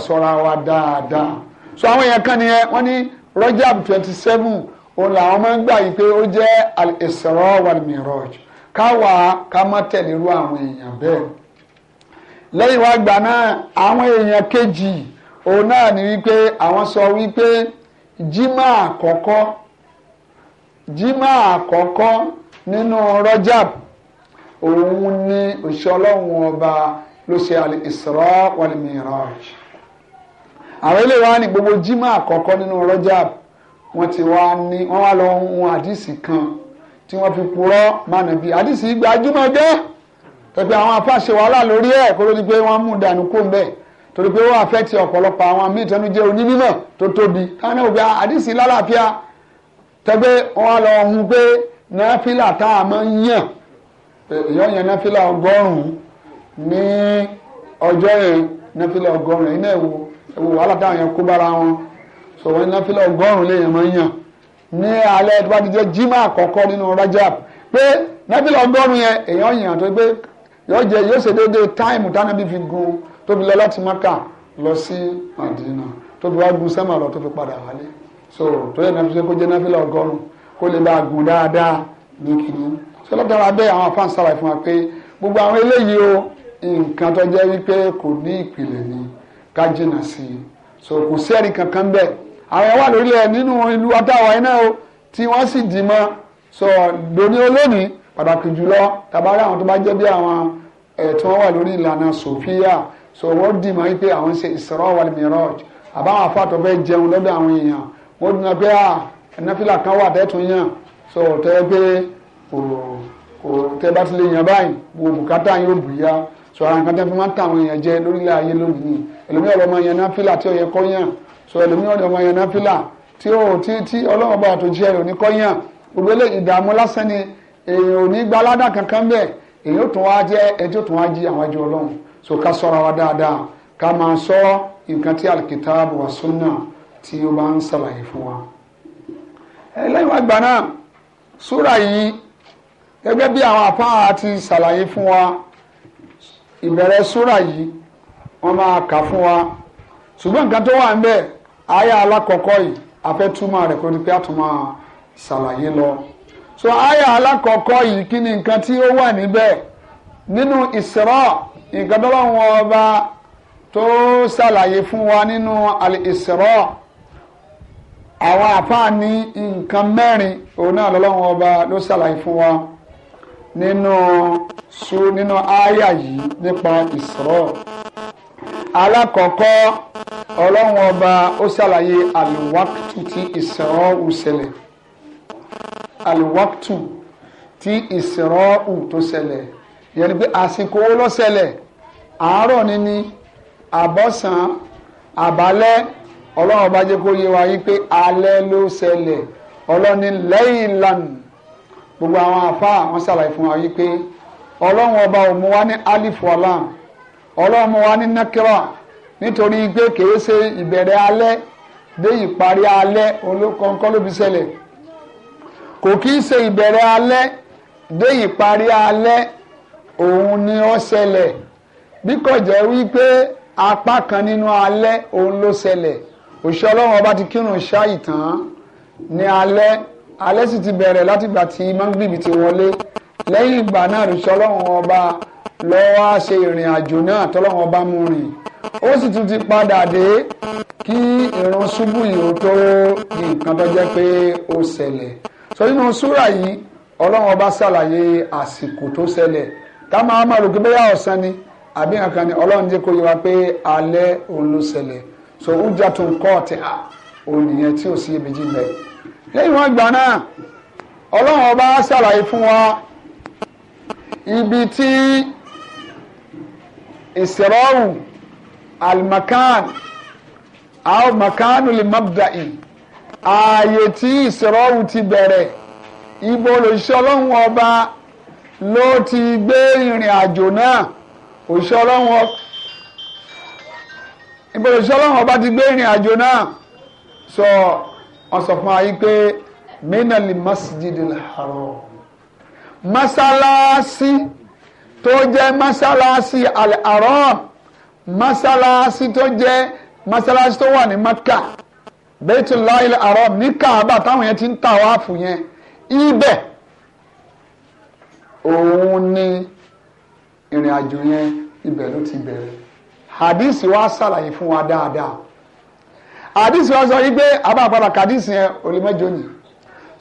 B: so àwọn èèyàn kan nìyẹn wọ́n ní Rajab twenty seven òun làwọn máa ń gbà yìí pé ó jẹ́ al miraj káwa ká má tẹ̀lé irú àwọn èèyàn bẹ́ẹ̀ lẹ́yìn wá gbà náà àwọn èèyàn kejì òun náà ní sọ wípé jimá àkọ́kọ́ jimá àkọ́kọ́ nínú òun ní òṣìṣẹ́ ọlọ́run ọba ló ṣe al-Isra wal-Miraj àwọn ilé wa ní gbogbo jimá àkọ́kọ́ nínú Rajab wọ́n ti wá ní wọ́n wá lọ hun àdìsí kan tí wọ́n fi purọ́ mànàbí àdìsí gbajúmọ̀ gẹ́ pẹ̀pẹ́ àwọn afáṣe wàhálà lórí ẹ̀ kó ló di pé wọ́n mú dànù kó ń bẹ̀ torí pé ó àfẹ́tì ọ̀pọ̀lọpọ̀ àwọn míì jẹ́ onímọ̀ tó tóbi táwọn òbí ah, àdìsí lálàáfíà tẹ́gbẹ́ wọ́n lọ hun pé náfìlà tá a máa ń yàn èèyàn yẹn náfìlà ọgọ́rùn-ún ní ọjọ́ yẹn náfìlà ọgọ́rùn-ún yìí náà wo ewu wàhálà táwọn yẹn kó bára wọn sọ wọn náfìlà ọgọ́rùn-ún léèyàn máa ń yàn ní alẹ́ tó bá ti jẹ́ jimá àkọ́kọ́ nínú rajab pé náfìlà ọgọ́rùn-ún yẹn èèyàn yàn tó pé yóò jẹ yóò ṣe déédéé táìmù tánàbí fi gun tó fi lọ láti maka lọ sí madina tó fi wá gun sẹ́mà lọ tó fi padà wálé so tó yẹ náfìlà kó jẹ́ náfìlà ọgọ́rùn-ún kó lè bá a gun dáadáa ní kìnìún sọlọ́dọ̀ra bẹ́ẹ̀ àwọn afáàn sábà fún wa pé gbogbo àwọn eléyìí o nǹkan tó jẹ́ wípé kò ní ìpìlẹ̀ ni ká jìnnà sí i so kò sí ẹ̀rí kankan bẹ́ẹ̀ àwọn wà lórílẹ̀ nínú ìlú adáwa iná o tí wọ́n sì dì mọ́ so lóní olónìí pàtàkì jùlọ tàbárí àwọn tó bá jẹ́ bí àwọn tí wọ́n wà lórí ìlànà sofia so wọ́n dì mọ́ wípé àwọn ṣe Isra wal Miraj àbáwọn afáàtọ̀ fẹ́ jẹun lọ́dọ̀ àwọn èèyàn wọ́n dùn náà pé ah, à kan wà tẹ́tùn yàn so tẹ́ pé kò kò tẹ́ bá ti lè yàn báyìí wo bùkátà yóò bùyá sọ ara nǹkan tẹ́ fi máa ń tàwọn èèyàn jẹ lórílẹ̀ ayé lónìí ẹlòmíràn ọ̀rọ̀ ọmọ yẹn náfìlà tí ó yẹ kọ́ yàn sọ ẹlòmíràn ọ̀rọ̀ ọmọ yẹn náfìlà tí ó tí tí ọlọ́run bá àtòjẹ́ rẹ̀ ò ní kọ́ yàn gbogbo eléyìí ìdààmú lásán ni èèyàn ò ní gba aládà kankan bẹ́ẹ̀ èèyàn ó tún wá jẹ́ ẹni tó tún wá jí àwọn ẹjọ́ ọlọ́run so ká sọ́ra wa dáadáa ká máa sọ nǹkan tí alikitaabu wa sunna tí ó bá ń ṣàlàyé fún wa. ẹlẹ́yìn wá gbà náà gẹ́gẹ́ bí àwọn apá ti ṣàlàyé fún wa ìbẹ̀rẹ̀ súrà yìí wọ́n máa kà fún wa ṣùgbọ́n nǹkan tó wà ń bẹ̀ àyà alákọ̀ọ́kọ́ yìí afẹ́túmọ̀ rẹ̀ kò ní pé àtúmọ̀ ṣàlàyé lọ. so àyà alákọ̀ọ́kọ́ yìí kí ni nǹkan tí ó wà níbẹ̀ nínú Isra nǹkan tó bá wọn ọba tó ṣàlàyé fún wa nínú al àwọn àfáà ní nǹkan mẹ́rin òun náà lọ́lọ́run ọba ló ṣàlàyé fún wa nínú su nínú àyà yìí nípa Isra alákọ̀ọ́kọ́ ọlọ́run ọba ó ṣàlàyé àlùwákùtù tí Isra ù ṣẹlẹ̀ àlùwákùtù tí Isra ù tó ṣẹlẹ̀ yẹn ni pé àsìkò ó ló ṣẹlẹ̀ àárọ̀ níní àbọ̀sán àbálẹ́ ọlọ́run ọba jẹ́ kó yé wa yí pé alẹ́ ló ṣẹlẹ̀ ọlọ́ni lẹ́yìn lánàá gbogbo àwọn àfa àwọn ṣàlàyé fún wa wípé ọlọ́run ọba ò mú wa ní alifu ọlọ́run ọlọ́run mú wa ní nakira nítorí pé kèé ṣe ìbẹ̀rẹ̀ alẹ́ dé ìparí alẹ́ olókọ́ńkọ́ ló fi ṣẹlẹ̀ kò kí í ṣe ìbẹ̀rẹ̀ alẹ́ dé ìparí alẹ́ òun ni ó ṣẹlẹ̀ bí kò jẹ́ wípé apá kan nínú alẹ́ òun ló ṣẹlẹ̀ òṣìṣẹ́ ọlọ́run ọba ti kírun ṣáì tán ní alẹ́ alẹ́ sì ti bẹ̀rẹ̀ látìgbà tí mọ́ngìrìbì ti wọlé lẹ́yìn ìgbà náà rìṣọ́ ọlọ́run ọba lọ́wọ́ á ṣe ìrìn àjò náà tọ́lọ́run ọba mú rìn ó sì tún ti padà dé kí ìrun ṣubú yìí ó tó nǹkan tó jẹ́ pé ó ṣẹlẹ̀ so nínú súrà yìí ọlọ́run ọba ṣàlàyé àsìkò tó ṣẹlẹ̀ ká máa máa rò pé bóyá ọ̀sán ni àbí nǹkan ni ọlọ́run jẹ́ kó yẹ pé alẹ́ òun ló ṣẹlẹ̀ so ó jà tó ń kọ́ ọ̀tẹ̀ à òun nìyẹn tí ò sí ibi jí bẹ́ẹ̀ lẹ́yìn wọn gbà náà ọlọ́run ọba ṣàlàyé fún wa ibi tí ìsirọ́rù almakan àwọn makanu lè mabda'i ààyè tí ìsirọ́rù ti bẹ̀rẹ̀ ibo lòṣìṣẹ́ ọlọ́run ọba ló ti gbé ìrìn àjò náà òṣìṣẹ́ ọlọ́run ọba ibo ọlọ́run ọba ti gbé ìrìn àjò náà sọ. So, wọ́n sọ fún ayé pé mínàlì masjidil haram masalasi tó jẹ́ masalasi al-haram masalasi tó jẹ́ masalasi tó wà ní Makkah Baitullahi al-haram ní Kaaba táwọn yẹn ti ń tàwáàfù yẹn ibẹ̀ òun ni ìrìn àjò yẹn ibẹ̀ ló ti bẹ̀rẹ̀ hadisi wa ṣàlàyé fún wa dáadáa àdìsí wọn sọ yìí pé àbá àpàdà kàdìsí yẹn ò ni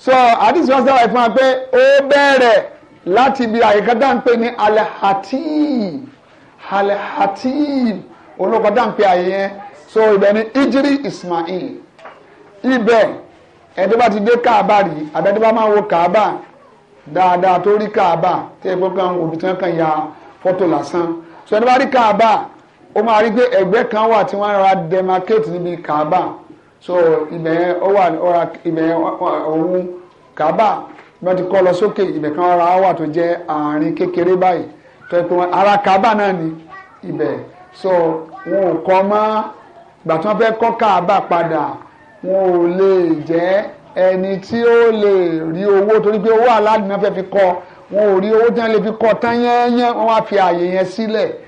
B: so àdìsí wọn sábà fún wa pé ó bẹ̀rẹ̀ láti ibi àyíká dá ń pè ní alhatim alhatim olóko dá ń pè àyè yẹn so ibẹ̀ ni ijiri ismail ibẹ̀ ẹni tó bá ti dé káàbà rí àbẹ́tí bá máa wo káàbà dáadáa tó rí káàbà tí ẹ gbọ́ pé àwọn òbí tí wọ́n kàn ya fọ́tò lásán so ẹni bá rí káàbà ó máa rí pé ẹgbẹ́ kan wà tí wọ́n ra demarcate níbi kaaba so ibẹ̀ yẹn ó wà ọ̀ra ibẹ̀ yẹn òun kaaba wọ́n ti kọ́ lọ sókè ibẹ̀ kan ara wà tó jẹ́ àárín kékeré báyìí tó yẹ pé ara kaaba náà ni ibẹ̀ so wọn ò kọ́ mọ́ ìgbà tí wọ́n fẹ́ kọ́ kaaba padà wọn ò lè jẹ́ ẹni tí ó lè rí owó torí pé owó aládùn náà fẹ́ fi kọ́ wọn ò rí owó tí wọ́n lè fi kọ́ tán yẹ́nyẹ́ wọ́n wá fi àyè yẹn sílẹ̀. Si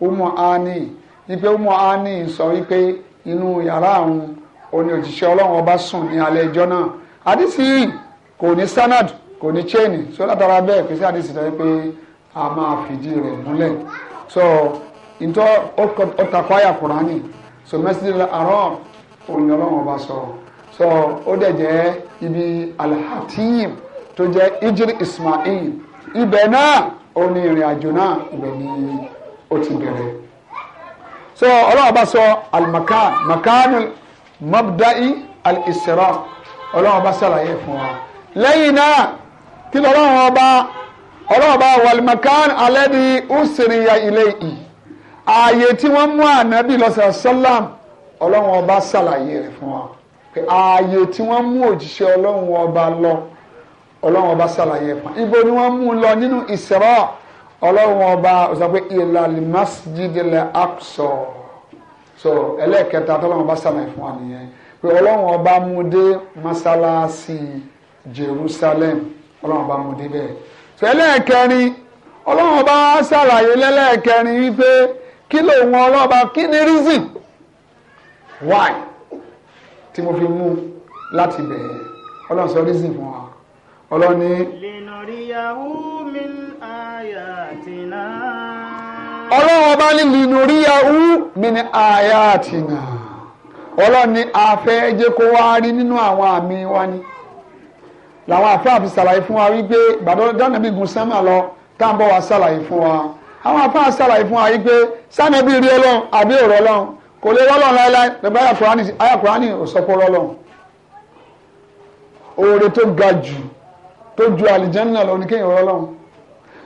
B: umu ani wípé umu ani sọ wípé inú yàrá àrùn òní òjíṣẹ́ ọlọ́run ọba sùn ní alẹ́ ẹjọ́ náà àdìsí kò ní standard kò ní chain so látara bẹ́ẹ̀ pèsè àdìsí sọ wípé a máa fìdí rẹ̀ múlẹ̀ so ntọ́ ọ̀tàkọ́ àyà kùránì so mẹ́sìlẹ̀ àárọ̀ òní ọlọ́run ọba sọ so ó dẹ̀ jẹ́ ibi alhatim tó jẹ́ ijir ismail ibẹ̀ náà ó ní ìrìn àjò náà ibẹ̀ ní ó ti bẹ̀rẹ̀ so ọlọ́run bá sọ alimakan makan mabdai alisra ọlọ́run bá ṣàlàyé fún wa lẹ́yìn náà kí lọ́lọ́run ọba ọlọ́run ọba walimakan alẹ́ni usiriya ilé yìí ààyè tí wọ́n mú ànábì lọ́sẹ̀ sọ́lám ọlọ́run ọba ṣàlàyé rẹ̀ fún wa pé ààyè tí wọ́n mú òjíṣẹ́ ọlọ́run ọba lọ ọlọ́run ọba ṣàlàyé fún wa ibo ni wọ́n mú lọ nínú ìsẹ̀rọ̀ ọlọ́run ọba sọ pé ìlàlì masjidilẹ̀ aqsa so ẹlẹ́ẹ̀kẹta tọ́lọ́run ọba sàmì fún wa nìyẹn pé ọlọ́run ọba mú dé masalasi Jerusalem ọlọ́run ọba mú dé bẹ́ẹ̀ so ẹlẹ́ẹ̀kẹrin ọlọ́run ọba ṣàlàyé lẹ́lẹ́ẹ̀kẹrin wípé kí lòun ọlọ́ba kí ni reason why tí mo fi mú láti bẹ̀ẹ́ ọlọ́run sọ reason fún wa ọlọ́ni.
C: linuriyahu min ọlọ́run ọba ní
B: linuriyahu min ayatina. ọlọ́ni afẹ́ jẹ́ kó wá rí nínú àwọn àmì wa ni. làwọn afẹ́ àfi ṣàlàyé fún wa wípé ìbàdàn dáná bí gun sánmà lọ tá à ń bọ̀ wá ṣàlàyé fún wa. àwọn afẹ́ àfi ṣàlàyé fún wa wípé sánà bí rí ọlọ́run àbí ọ̀rọ̀ ọlọ́run kò lè rọ́lọ́run láéláé lọ́gbà ayàkùránì ayàkùránì ò sọ pé rọ́lọ́run. oore tó ga jù tó ju àlìjánná lọ ní kéèyàn rọlọ́run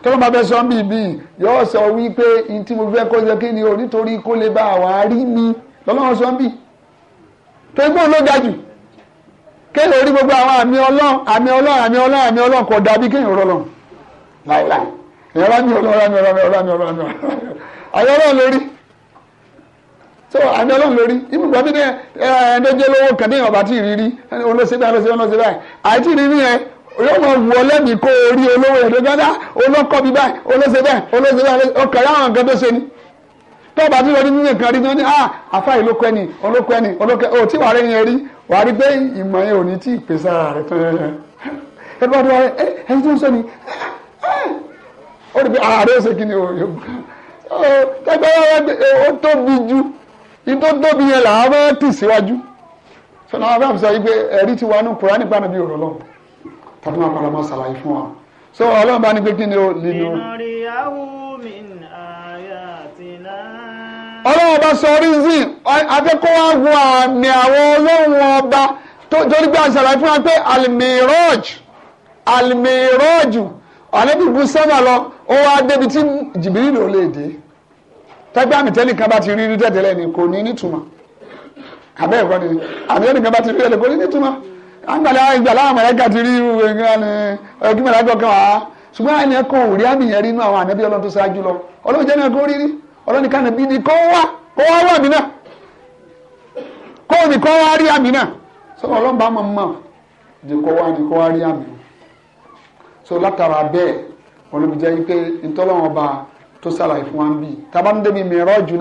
B: tọ́lọ́ máa fẹ́ sọ ń bì bì yọ sọ wípé n tí mo fẹ́ kó jẹ kí ni o nítorí kó lè bá àwa rí mi lọ́lọ́run sọ ń bì tó gbọ́n ló ga jù kéèyàn rí gbogbo àwọn àmì ọlọ́run àmì ọlọ́run àmì ọlọ́run àmì ọlọ́run kò dàbí kéèyàn rọlọ́run láìláì èèyàn rá mi ọlọ́run rá mi ọlọ́run rá mi ọlọ́run rá mi ọlọ́run àmì ọlọ́run lórí so àmì ọlọ́run lórí ibùgbà bí ẹ ẹ ẹ ẹdẹjẹ lówó kàdéyàn ọba tí ì rí rí olóṣèlú olóṣèlú olóṣèlú àìtí rí rí yẹn yóò máa wù ọ lẹ́mìí kó o rí olówó ẹ̀dọ́ gbádá olókọ́ bíi olóṣè bẹ́ẹ̀ olóṣè bẹ́ẹ̀ ọkọ̀ yà wọn nǹkan tó ṣe ni tó o ti ní rí ní ah afa ìlókọ ẹni olókọ ẹni olókọ ẹ ò tí wàá rẹ yẹn rí wàá rí pé ìmọ̀ yẹn ò ní tí ì pè sára yẹn ẹ bá dúró ẹ ni ó rí pé ààrẹ ah, ó ṣe kí ni òye tẹgbẹ́ ó tóbi tàbí wọn padà máa ṣàlàyé fún wa so ọlọ́run bá ní pé kí ni ó nínú. ọlọ́run bá sọ rizin akẹ́kọ̀ọ́ wa wo àmì àwọn ọlọ́run ọba torí pé àṣàlàyé fún wa pé alimiraj alimiraj àlébìbù sẹ́mà lọ ó wá débi tí jìbìrì ló lè dé tẹ́gbẹ́ àmì tẹ́lẹ̀ kan bá ti rí rí tẹ̀tẹ̀lẹ̀ ni kò ní nítumọ̀ àbẹ́ ẹ̀kọ́ ni àmì tẹ́lẹ̀ kan bá ti rí rí tẹ̀lẹ̀ kò ní nítumọ̀ àgbàlá ìgbàlá àwọn mọ̀lẹ́kà ti rí ìwé gan ni ọ̀rọ̀ kí mọ̀lẹ́kà kan wà á ṣùgbọ́n àìní ẹ̀kọ́ ò rí àmì yẹn rí inú àwọn ànábì ọlọ́run tó ṣáájú lọ ọlọ́run jẹ́ náà kó rí rí ọlọ́run kan níbi ni kó wá kó wá wà mí náà kó ní kó wá rí àmì náà sọ ọlọ́run bá mọ̀ mọ̀ ní kó wá ní kó wá rí àmì so látara bẹ́ẹ̀ olùbí jẹ́ pé ìtọ́lọ́wọ́n ọba tó ṣàlàyé fún wa ń bì tábà ń débi mìíràn jù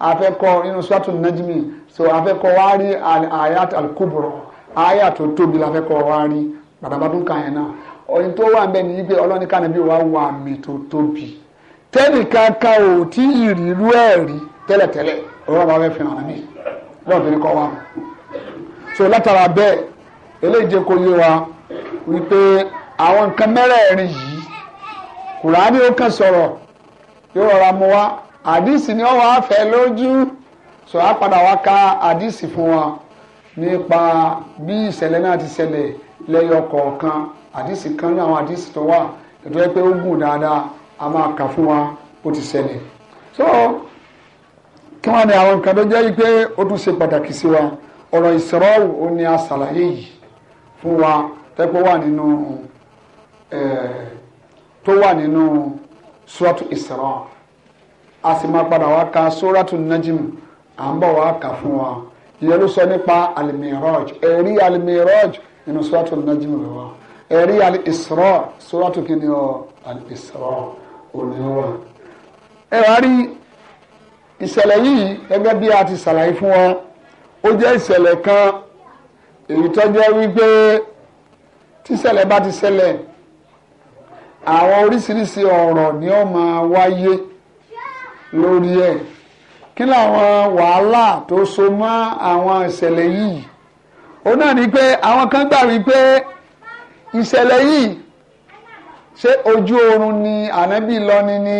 B: afẹ́kọ́ nínú sọ́tún nájímì so afẹ́kọ́ wá rí ayat al-kubro aya tó tóbi láfẹ́kọ́ wá rí bàtàbàtún kan yẹn náà ọ̀yìn tó wà ń bẹ̀ ní wípé ọlọ́ni kànábí wà wà mí tó tóbi tẹ́nìkan kan ò tí ì rírú ẹ̀ rí tẹ́lẹ̀tẹ́lẹ̀ ọ̀rọ̀ bá fẹ́ fi hàn mí lọ́ọ̀bì ní kọ́ wa so látara bẹ́ẹ̀ eléyìí jẹ́ kó yé wa wípé àwọn nǹkan mẹ́rẹ̀ẹ̀rin yìí kùránì ó kàn sọ̀rọ̀ yóò rọra mu wá àdìsí ni ọwọ́ afẹ́ lójú sọ á padà wá ka àdìsí fún wa nípa bí ìṣẹ̀lẹ̀ náà ti ṣẹlẹ̀ lẹ́yọ kọ̀ọ̀kan àdìsí kan ní àwọn àdìsí tó wà ètò ẹ pé ó gùn dáadáa a máa kà fún wa ó ti ṣẹlẹ̀ so kí wọ́n ní àwọn nǹkan tó jẹ́ ó wa ọ̀rọ̀ ní fún wa tẹ́pọ̀ wà nínú eh, tó wà nínú sọ́ọ̀tù a sì máa padà wá ka sóràtù najim à ń bọ̀ wá kà fún wa ìyẹn ló sọ nípa alimiraj ẹ̀rí alimiraj nínú sóràtù najim rẹ wa ẹ̀rí alisra sóràtù kìíní ọ alisra òní wa. ẹ wá rí ìṣẹ̀lẹ̀ yìí gẹ́gẹ́ bí a ti ṣàlàyé fún wa ó jẹ́ ìṣẹ̀lẹ̀ kan èyí tó jẹ́ wípé tíṣẹ̀lẹ̀ bá ti ṣẹlẹ̀ àwọn oríṣiríṣi ọ̀rọ̀ ni ó máa wáyé lórí ẹ̀ kí làwọn wàhálà tó so mọ́ àwọn ìṣẹ̀lẹ̀ yìí òun náà ni pé àwọn kan gbà wípé ìṣẹ̀lẹ̀ yìí ṣé ojú oorun ni ànábì lọ́ni ni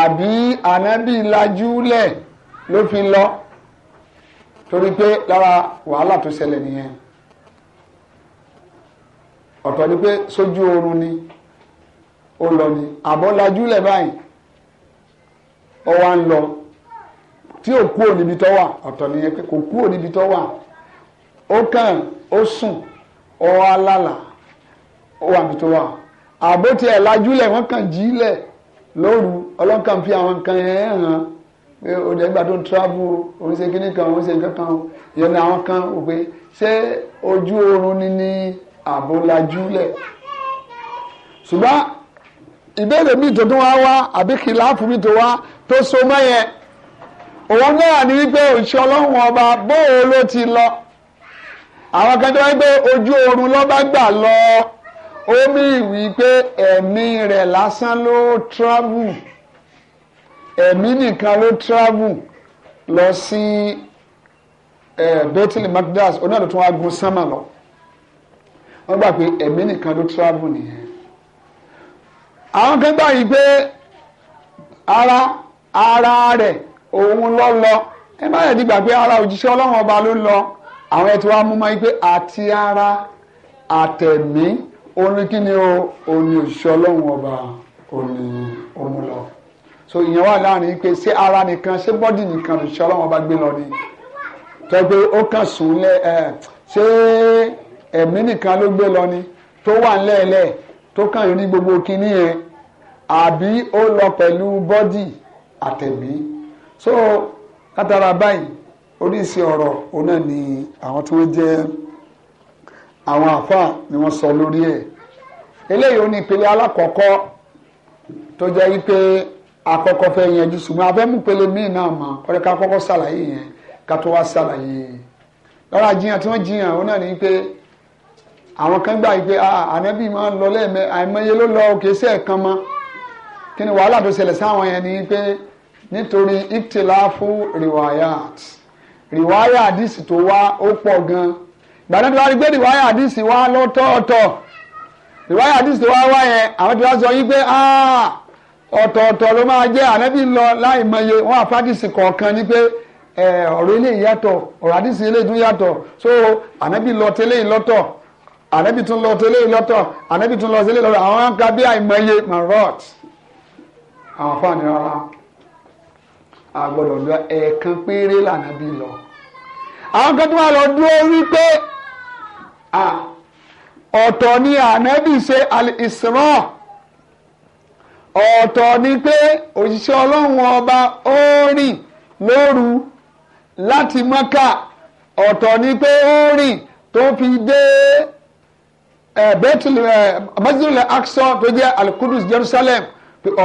B: àbí ànábì lajúlẹ̀ ló fi lọ torí pé lára wàhálà tó ṣẹlẹ̀ nìyẹn ọ̀tọ̀ ni pé sójú oorun ni ó lọ ni àbọ̀ lajú lẹ̀ báyìí ó wá ń lọ tí ò kúrò níbi tó wà ọ̀tọ̀ nìyẹn pé kò kúrò níbi tó wà ó kàn ó sùn ó wá lálàá ó wà níbi tó wà àbó tiẹ̀ lajú lẹ̀ wọ́n kàn jí lẹ̀ lóru ọlọ́kàn fi àwọn nǹkan yẹn hàn pé ó dẹ̀ tó ń travel oníṣe kíní kan oníṣe nǹkan kan ìyẹn ni àwọn kan ò pé ṣé ojú oorun ni ní àbó lajú lẹ̀ ṣùgbọ́n ìbéèrè mi tó tún wá wá àbí kìláàfù míì tó wá tó so mọ́ yẹn òun náà ní wípé òṣìṣẹ́ ọlọ́run ọba bóòó ló ti lọ àwọn kan tó wáyé pé ojú oorun ló gbà lọ ó wípé ẹ̀mí rẹ̀ lásán ló travel ẹ̀mí nìkan ló travel lọ sí Bethel Magdas onídàá tó tún wá gun sánmà lọ wọ́n gbà pé ẹ̀mí nìkan ló travel nìyẹn àwọn kan gbà yìí pé ara ara rẹ̀ òun lọ lọ ẹ má yẹ dìgbà pé ara òjíṣẹ́ ọlọ́run ọba ló lọ àwọn ẹ̀ tí wàá mú mọ́ yìí pé àti ara àtẹ̀mí orin kí ni o òní òjíṣẹ́ ọlọ́run ọba òní òun lọ so ìyẹn wà láàrin pé ṣé ara nìkan ṣé bọ́dì nìkan òjíṣẹ́ ọlọ́run ọba gbé lọ ni tó gbé ó kàn sùn lẹ ẹ ṣé ẹ̀mí nìkan ló gbé lọ ni tó wà ńlẹ̀ẹ́lẹ̀ tó kàn yín ní gbogbo kinní yẹn àbí ó lọ pẹ̀lú bọ́dì àtẹ̀mí so látara báyìí oríṣi ọ̀rọ̀ òun náà ni àwọn tí wọ́n jẹ́ àwọn àfáà ni wọ́n sọ lórí ẹ̀ eléyìí ó ní ìpele alákọ̀ọ́kọ́ tó jẹ́ wípé àkọ́kọ́ fẹ́ yanjú ṣùgbọ́n a fẹ́ mú ìpele míì náà mọ̀ ọ̀rẹ́ ká kọ́kọ́ ṣàlàyé yẹn ká tó wá ṣàlàyé lára jiyàn tí wọ́n jiyàn òun náà ni pé àwọn kan gbà yìí pé ah, ànábì máa ń lọ lẹ́ẹ̀mẹ́ àìmọye ló lọ òkè sí ẹ̀ẹ̀kan mọ́ kí ni wàhálà tó ṣẹlẹ̀ sáwọn yẹn ni pé nítorí ìtìláfù rìwáyàt rìwáyà àdìsí tó wá ó pọ̀ gan gbàdá tó wá rí pé rìwáyà àdìsí wá lọ́tọ̀ọ̀tọ̀ rìwáyà àdìsí tó wá wá yẹn àwọn tó wá sọ yìí pé ah, ọ̀tọ̀ọ̀tọ̀ ló máa jẹ́ ànábì lọ láìmọye wọn àfádìsí kọ̀ọ̀kan ni pé eh, ọ̀rọ̀ eléyìí yàtọ̀ ọ̀rọ̀ àdìsí eléyìí tún yàtọ̀ so ànábì lọ tẹ́lẹ̀ yìí ànábì tún lọ tẹ́lẹ̀ lọ́tọ̀ ànábì tún lọ sílẹ̀ lọ́tọ̀ àwọn ń ka bí àìmọye marot àwọn fani rárá a gbọ́dọ̀ lọ ẹ̀ẹ̀kan péré lànàbí lọ àwọn kan tó wà lọ dúró wípé ọ̀tọ̀ ni ànábì ṣe ìsirọ ọ̀tọ̀ ni pé òṣìṣẹ́ ọlọ́run ọba ó rìn lóru láti mọ́kà ọ̀tọ̀ ni pé ó rìn tó fi dé Eh, bẹ́tùlù masjidulẹ̀ eh, eh, aksọ tó jẹ́ alikudus Jerusalem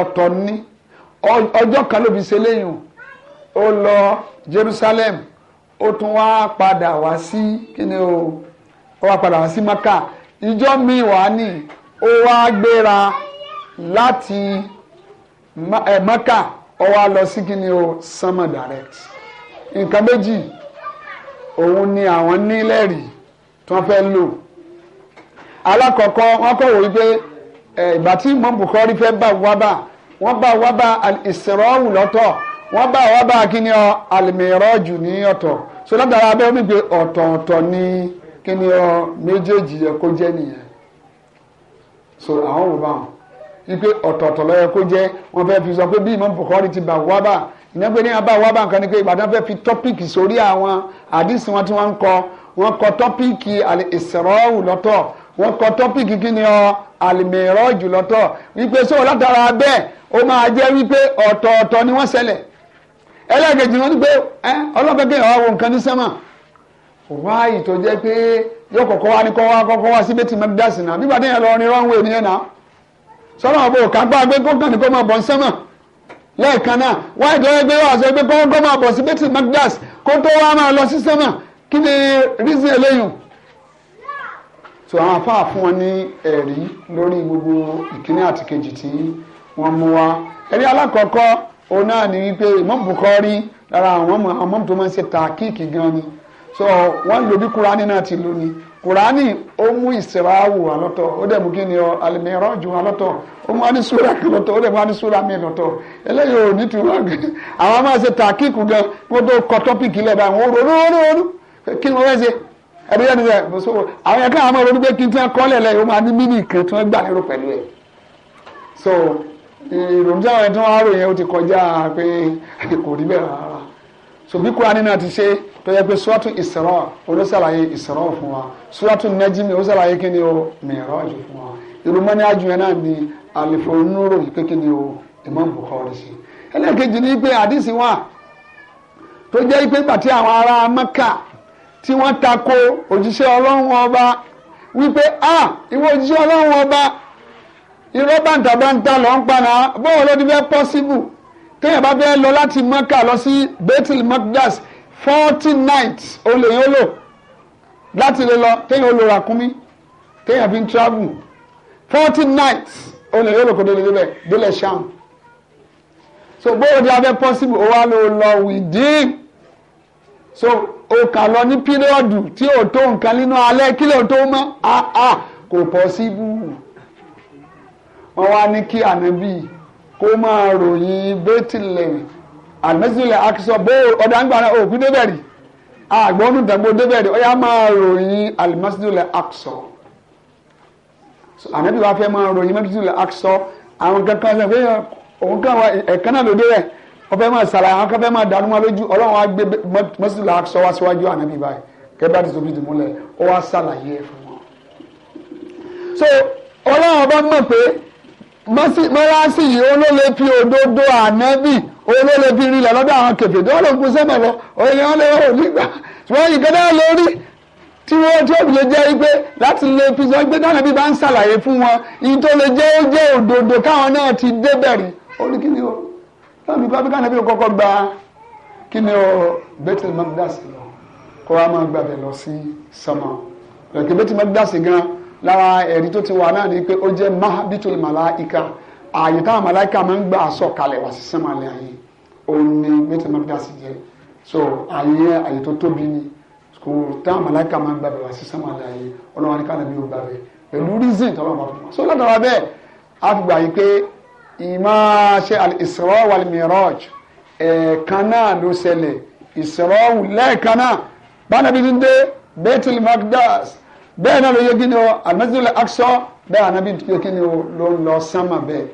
B: ọ̀tọ̀ ni ọjọ́ kan ló fi ṣe lẹ́yìn ó lọ Jerusalem ó tún wá padà wá sí kíni o ó wá padà wá sí Maka ìjọ mi wá ní ó wá gbéra láti Maka ó wá lọ sí kíni o sama direct nǹkan méjì òun ni àwọn nílẹ̀rì tí wọ́n fẹ́ lò alákọ̀ọ́kọ́ wọ́n kọ̀ wò wípé ìgbà tí Imam Bukhari fẹ́ bá wá bá wọ́n bá wá bá al-Isra'u lọ́tọ̀ wọ́n bá wá bá kíni ọ al-Miraju ní ọ̀tọ̀ so látara abẹ́ omi gbé ọ̀tọ̀ọ̀tọ̀ ní kíni ọ méjèèjì yẹ kó jẹ́ nìyẹn so àwọn wò bá wọn wípé ọ̀tọ̀ọ̀tọ̀ ló yẹ kó jẹ́ wọ́n fẹ́ fi sọ pé bí Imam Bukhari ti bá wá bá ìyẹn pé ní abá wá bá nǹkan ni pé ìbàdàn fẹ́ fi tọ́píìkì sórí àwọn àdìsí wọn tí wọ́n ń kọ wọ́n kọ tọ́píìkì al-Isra'u wọ́n kọ tọ́pìkì kí ni ọ àlìmẹ̀rọ jùlọ́tọ̀ wípé sọ látara bẹ́ẹ̀ ó máa wípé ọtọọtọ ni wọ́n ṣẹlẹ̀ ẹlẹ́gẹ̀jì wọn ni pé ọlọ́pẹ̀kẹ̀ ọ̀wọ̀ nǹkan ní sẹ́mà wáyì tó pé yóò kọ̀kọ́ wá ní kọ́ wá kọ́kọ́ wá sí bẹ́tì mẹ́bídàsì náà bíbá déyàn lọ náà ní kó máa náà lọ sí kí ni so àwọn afáà fún wọn ní ẹ̀rí lórí gbogbo ìkíní àti kejì tí wọ́n mú wá ẹ̀rí alákọ̀ọ́kọ́ òun náà ní wípé Imam Bukhari lára àwọn ọmọ tó máa ń ṣe tàkíìkì gan ni so wọ́n lò bí Kúránì náà ti lò ní Kúránì ó mú ìsìráwù àlọ́tọ̀ ó dẹ̀ mú kí ni al-Mi'raj àlọ́tọ̀ ó mú wani súra kan lọ́tọ̀ ó dẹ̀ mú wani súra mi lọ́tọ̀ eléyìí ò ní tiwọn àwọn máa ṣe tàkíìkì gan kó tó kọ tọ́pìkì lẹ́ẹ̀bá àwọn òróró kí ni wọ́n fẹ́ ṣe ẹbí yẹn níbẹ̀ so àwọn yẹn kí àwọn ọmọ ronú pé kí n tí wọn kọ́lẹ̀ máa ní mímì kan tí wọ́n gbà lérò pẹ̀lú ẹ̀ so ìròyìn tí àwọn yẹn tí wọ́n á rò yẹn ó ti kọjá pé kò rí bẹ́ẹ̀ rárá so bí kúránì náà ti ṣe tó yẹ pé suratu Isra olóṣàlàyé Isra fún wa suratu Najmi olóṣàlàyé kí ni o Miraj fún wa irú mọ́ni ajú yẹn náà ni àlefo onúrò pé kí ni o Imam Bukhari ṣe ẹlẹ́ẹ̀kejì ni pé àdìsí wà tó jẹ́ pé gbàtí àwọn ará Mẹ́kà tí wọ́n tako òjíṣẹ́ ọlọ́run ọba wípé a ìwọ òjíṣẹ́ ọlọ́run ọba irọ́ bàǹtàbàǹtà lọ ń paná bóun ló ti fẹ́ pọ́síbù téèyàn bá fẹ́ lọ láti mọ́kà lọ sí bethel mokdas forty nights olè yóò lò láti lè lọ téèyàn olè ràkúnmí téèyàn fi ń travel forty nights olè yóò lò kó délé débẹ̀ délé ṣáà so bóun ti fẹ́ pọ́síbù ó wá lò lọ within so o kà lọ ní píríọ̀dù tí o tó nǹkan nínú alẹ́ kí ló tó mọ́ àá kò pọ́síbù wọ́n wá ní kí ànábì kó máa ròyìn bẹ́tìlẹ̀ àmẹ́sílẹ̀ akísọ bó ọ̀dà ń gbà náà òkú débẹ̀ rí àgbọ̀nù tẹ̀gbọ́ débẹ̀ rí ó yá máa ròyìn àlùmọ́sílẹ̀ akísọ ànábì wá fẹ́ máa ròyìn mẹ́sílẹ̀ akísọ àwọn kankan sọ pé òun kàn wá ẹ̀kan náà ló dé rẹ̀ wọ́n fẹ́ máa ṣàlàyé àwọn kan fẹ́ máa dànù wọn lójú ọlọ́run wa gbé mọ́sílá sọ wá síwájú ànábì báyìí kẹ́bí àti sọ́bìtì múlẹ̀ ó wá ṣàlàyé fún wọn. so ọlọ́run ọba mọ̀ pé mọ́láṣí yìí olóle fi òdodo ànábì olóle fi rinlẹ̀ lọ́dọ̀ àwọn kẹfẹ́ tí wọ́n lè kún sẹ́mọ̀ lọ òye wọn lè wọ́n nígbà ṣùgbọ́n ìkẹ́dá lórí tí wọ́n tí òbí lè jẹ́ wípé láti lè fi sọ pé dáná bí bá ń ṣàlàyé fún wọn ìyí tó ó jẹ́ òdodo káwọn náà ti débẹ̀rẹ̀ ó náà bí bábí kánà bí kọ́kọ́ gba kí ni ọ bẹ́tẹ̀ máa dàsí lọ kó wa máa gbàbẹ̀ lọ sí sọmọ lọ́kì bẹ́tẹ̀ máa dàsí gan lára ẹ̀rí tó ti wà náà ni pé ó jẹ́ mahabitul malaika ààyè táwọn malaika máa ń gbà sọ̀kalẹ̀ wá sí sọmọ àlẹ́ ayé òun ni bẹ́tẹ̀ máa dàsí jẹ́ so ààyè ààyè tó tóbi ni kò táwọn malaika máa ń gbàbẹ̀ wá sí sọmọ àlẹ́ ayé ọlọ́wọ́n kánà bí ó gbàbẹ̀ pẹ̀lú reason tọ́lọ́ ìmọ̀ ṣe al-Isra wal-Miraj ẹ̀ẹ̀kan náà ló ṣẹlẹ̀ Isra lẹ́ẹ̀kan náà bánàbí ti dé Baitul Maqdas bẹ́ẹ̀ náà ló yẹ kí ni o al-Masjid al-Aqsa bẹ́ẹ̀ yẹ kí o ló ń lọ sánmà bẹ́ẹ̀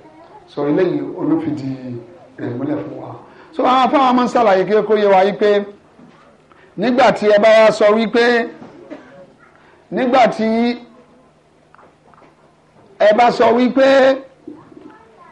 B: sọ eléyìí olófìdí rẹ̀ fún wa so àwọn afáwọn máa ń ṣàlàyé kí ó yẹ wa yí pé nígbà tí ẹ bá wá sọ wípé nígbà tí ẹ bá sọ wípé.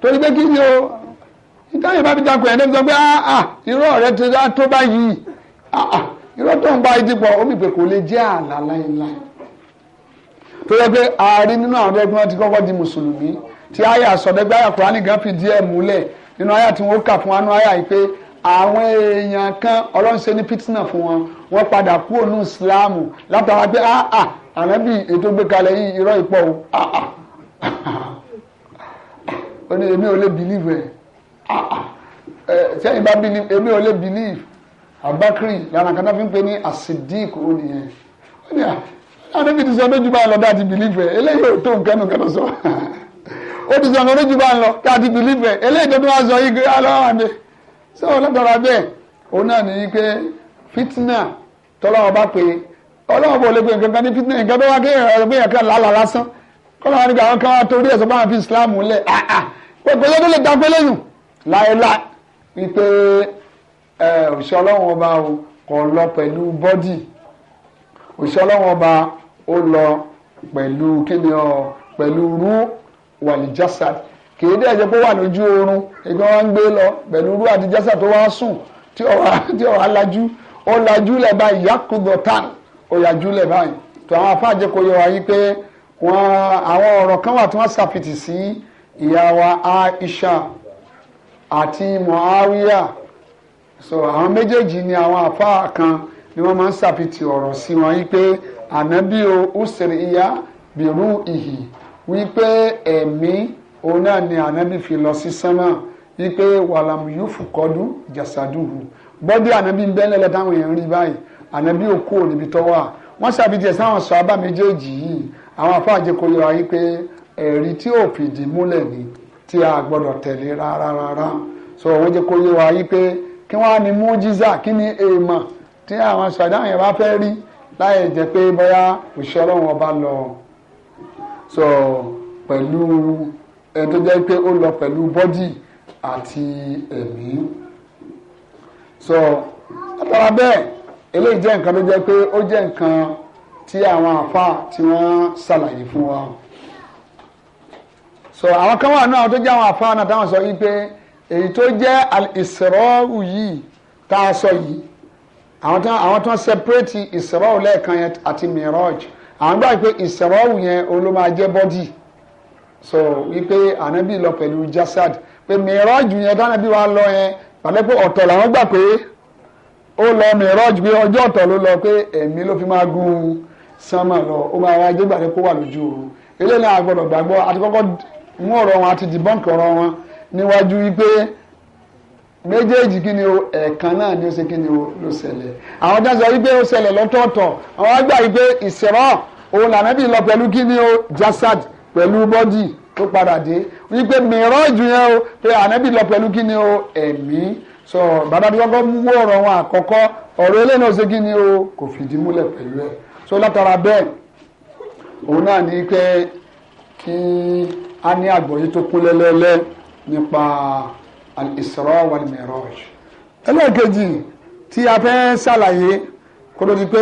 B: torí pé kí ni o ìtàyè bá fi takò ẹ̀ lẹ́nu sọ pé ah ah irọ́ rẹ ti dá tó báyìí ah ah irọ́ tó ń bá yìí ti pọ̀ omi pé kò lè jẹ́ àlá láéláé tó yẹ pé ààrin nínú àwọn ọ̀dọ́ ẹgbẹ́ wọn ti kọ́kọ́ di mùsùlùmí tí àyà sọ̀dẹ́gbẹ́ àyà kùránì gan fi díẹ̀ múlẹ̀ nínú àyà tí wọ́n kà fún wa nínú àyà yìí pé àwọn èèyàn kan ọlọ́run ṣe ní pítínà fún wọn wọ́n padà kú òun ìsìláàmù látara pé àà ah, ah, ànábì ètò gbé kalẹ̀ yìí irọ́ ìpọ̀ o àà ah, ó ní èmi ò lè believe ẹ sẹ́yìn bá believe èmi ò lè believe Abakiri lára kan tó fi ń pè ní asidik ó nìyẹn ó ní à ah, sọ lójú bá lọ dáàtì believe ẹ eléyìí ò tó nǹkan nǹkan sọ ó ti sọ lójú bá lọ dáàtì believe ẹ eléyìí tó tó wá sọ yìí gbé aláwọ̀ sọ òun náà pé fitna tọ́lọ́wọ́ bá pè ọlọ́wọ́ bó lè pè nǹkan kan ní fitna nǹkan tó wá ẹ̀rọ pé pẹ̀pẹ̀lẹ́ tó lè gbàgbé lẹ́yìn láéláé wípé òṣìṣẹ́ ọlọ́run ọba kò lọ pẹ̀lú bọ́dì òṣìṣẹ́ ọlọ́run ọba ó lọ pẹ̀lú kíni ọ pẹ̀lú rú wàlíjásad kìí dẹ́ jẹ́ pé wà lójú oorun ìgbà wọn ń gbé lọ pẹ̀lú rú àti jásad tó wá sùn tí ọ̀rọ̀ alájú ó lajú lẹ̀ báyìí yakudo tan ó yajú lẹ̀ báyìí tó àwọn afáàjẹkọ̀ọ́ yọ wáyé pé wọ́n àwọn ọ̀rọ̀ kan wà tí wọ́n ṣàfitì sí. Si, ìyá wa Aisha àti Muawiya so àwọn méjèèjì ni àwọn àfáà kan ni wọ́n máa ń ṣàfitì ọ̀rọ̀ sí wọn yí pé ànábì usiri ìyá bìrú ìhì wípé ẹ̀mí òun náà ni ànábì fi lọ sí sánmà wípé wàlàmù yóò fòkọ́dún jàsádùhù bọ́dí ànábì ń bẹ́ẹ̀ lẹ́lẹ́ táwọn èèyàn rí báyìí ànábì òkú ò níbi tọ́wọ́ à wọ́n ṣàfitì sáwọn sọ abá méjèèjì yìí àwọn àfáà jẹ́ kó yọ wípé ẹ̀rí tí ò fìdí múlẹ̀ ni tí a gbọ́dọ̀ tẹ̀lé rárá rárá so wọ́n jẹ́ kó yé wa yí pé kí wọ́n á ní mújísà kí ni èèmọ̀ tí àwọn ṣàdáhùn yẹn bá fẹ́ rí láì jẹ́ pé bóyá òṣìṣẹ́ ọlọ́run ọba lọ so pẹ̀lú ẹni tó jẹ́ pé ó lọ pẹ̀lú bọ́dì àti ẹ̀mí so látara bẹ́ẹ̀ eléyìí jẹ́ nǹkan tó jẹ́ pé ó jẹ́ nǹkan tí àwọn àfa tí wọ́n ṣàlàyé fún wa so àwọn kan wà ní àwọn tó jẹ́ àwọn àfáà náà táwọn sọ yìí pé èyí tó jẹ́ ìsìrọ́ọ̀rù yìí tá a sọ yìí àwọn tó àwọn tó separate ìsìrọ́ọ̀rù lẹ́ẹ̀kan yẹn àti miraj àwọn gbà pé ìsìrọ́ọ̀rù yẹn ló bọ́dì so wípé ànábì lọ pẹ̀lú jasad pé miraj yẹn tánábì wa lọ yẹn pàdé pé ọ̀tọ̀ làwọn gbà pé ó lọ miraj pé ọjọ́ ọ̀tọ̀ ló lọ pé ẹ̀mí ló fi máa gun sánmà lọ ó máa wá jẹ́ gbàdé kó wà lójú òru eléyìí náà a gbàgbọ́ àti kọ́kọ́ ń ọ̀rọ̀ wọn àti dìbọ́ǹkì ọ̀rọ̀ wọn níwájú wípé méjèèjì kí ni o ẹ̀ẹ̀kan náà ni ó ṣe kí ni o ló ṣẹlẹ̀ àwọn jáde sọ wípé ó ṣẹlẹ̀ lọ́tọ̀ọ̀tọ̀ àwọn àgbà wípé ìṣẹ̀rọ̀ òun lọ pẹ̀lú kí jasad pẹ̀lú bọ́dì tó padà dé wípé mìíràn jù yẹn o lọ pẹ̀lú kí ni o ẹ̀mí sọ bàbá tó kọ́kọ́ mú ọ̀rọ̀ wọn àkọ́kọ́ ọ̀rọ̀ eléyìí náà ṣe kí ni o kò fìdí múlẹ̀ pẹ̀lú ẹ̀ so látara bẹ́ẹ̀ a ní àgbọ́yé tó kún lẹ́lẹ́lẹ́ nípa al-Isra wal-Miraj ẹlẹ́ẹ̀kejì tí a fẹ́ ṣàlàyé kó ló di pé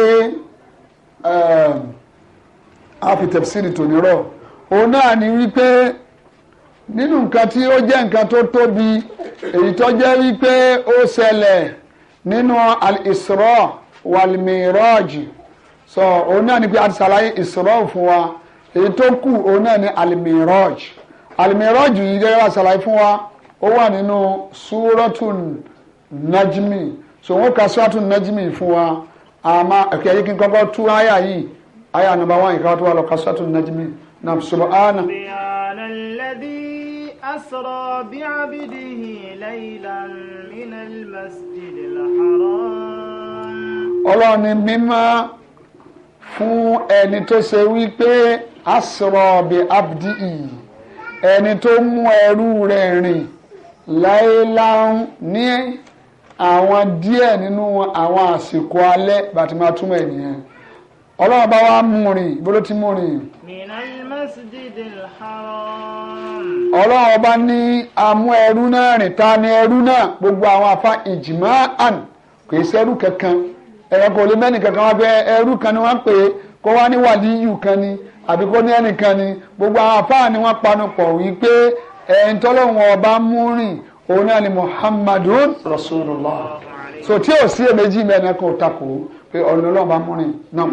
B: ehm, a fi tẹ̀síìrì tò nírọ̀ òun náà ni wípé nínú nǹkan tí ó jẹ́ nǹkan tó tóbi èyí tó jẹ́ wípé ó ṣẹlẹ̀ nínú al-Isra wal sọ òun náà ni pé a ti ṣàlàyé Isra fún wa èyí tó kù òun náà ni alimiraj alimiraj yìí gẹ́gẹ́ bá fún wa ó wà nínú súrọ́tún najmi so wọ́n ka súrọ́tún najmi fún wa àmà ẹ̀kẹ́ yìí kí n kọ́kọ́ tú àyà yìí àyà nàbà wọn ìka tó wà lọ ka súrọ́tún najmi nam subhana.
C: أسرى بعبده ليلا من المسجد الحرام.
B: Ọlọ́run ni mímọ́ fún ẹni asrọ̀bì abdi'i ẹni tó mú ẹrú rẹ̀ rìn láéláhùn ní àwọn díẹ̀ nínú àwọn àsìkò alẹ́ bàtí máa túmọ̀ ènìyàn ọlọ́run bá wá mú rìn bóló ti mú rìn.
A: minal masjidil haram.
B: ọlọ́run bá ní amú ẹrú náà rìn ta ni ẹrú náà gbogbo àwọn afa ìjìmá àn kò í sẹ́rú kankan ẹ̀rọ kò lè mẹ́nì kankan wá pé ẹrú kan ni wọ́n ń pè é kó wá ní wàlíyù kan ni àbí kó ní ẹnìkan ni gbogbo àwọn àfáà ni wọ́n panupọ̀ wípé ẹ̀yìn tọ́lọ́hún ọba mú rìn òun náà ni muhammadun rasulullah so tí ò sí èméjì mẹ́rin kò takò pé ọ̀nà ọlọ́ọ̀ba mú rìn náà.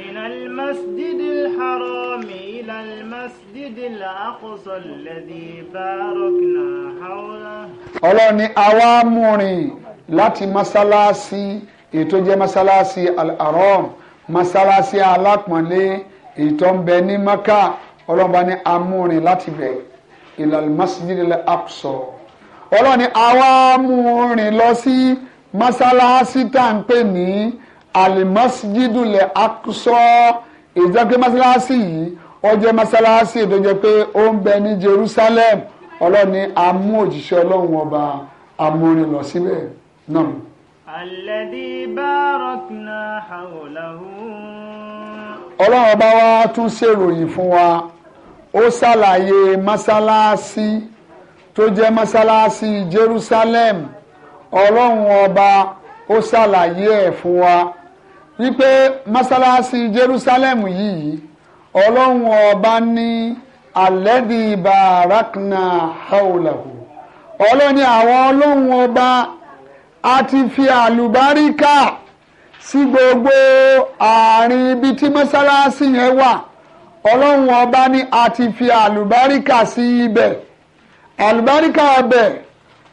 C: من المسجد الحرام إلى المسجد الأقصى الذي باركنا حوله. Ọlọ́run
B: ni àwa mú rìn láti mọ́sálásí ètò al-Haram masalasi alápọ̀nlé ìtọ́ ni bẹ ní maka ọlọ́ba ni amúrin láti bẹ̀ ìlàlù masjidil aqsa ọlọ́ni àwa amúrin lọ masalasi tanpe ni ń pè ní alimasjidul masalasi yìí ó masalasi tó jẹ́ pé ó ń bẹ ní Jerusalem ọlọ́ni amú òjíṣẹ́ ọlọ́run ọba amúrin lọ síbẹ̀ náà.
C: ọlọ́run
B: ọba wa tún ṣèròyìn fún wa ó ṣàlàyé mọ́sálásí tó jẹ́ mọ́sálásí Jerusalem ọlọ́run ọba ó ṣàlàyé ẹ̀ fún wa wípé mọ́sálásí Jerusalem yìí ọlọ́run ọba ní alẹ́bí barakna haulahu ọlọ́ni àwọn ọlọ́run ọba. a ti fi àlùbáríkà sí gbogbo àárín ibi tí mọ́sálásí yẹn wà ọlọ́run ọba ní a ti fi àlùbáríkà sí ibẹ̀ àlùbáríkà ọbẹ̀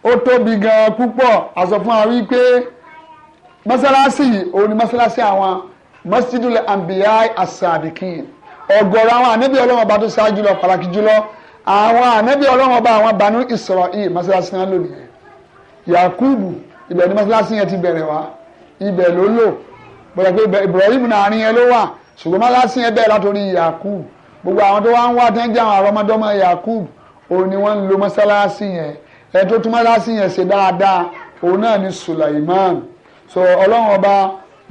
B: ó tóbi gan púpọ̀ a fún wa wípé mọ́sálásí òní mọ́sálásí àwọn mọ́sídùlẹ̀ àǹbíyá àsàdìkìn ọ̀gọ̀rọ̀ ọba tó ṣáájú lọ pàtàkì jùlọ àwọn ọba àwọn Banu mọ́sálásí náà lónìí Yakubu ibẹ̀ ni mọ́sálásí yẹn ti bẹ̀rẹ̀ wá ibẹ̀ ló lò bọ̀dọ̀ pé Ibrahim nàárín yẹn ló wà ṣùgbọ́n mọ́sálásí yẹn bẹ̀rẹ̀ látòrí Yakub gbogbo àwọn tó wá ń wá tẹ́ńjà àwọn àrọ́mọdọ́mọ Yakub òun ni wọ́n ń lo mọ́sálásí yẹn ẹ tó tún mọ́sálásí yẹn ṣe dáadáa òun náà ni Sulaiman so ọlọ́run ọba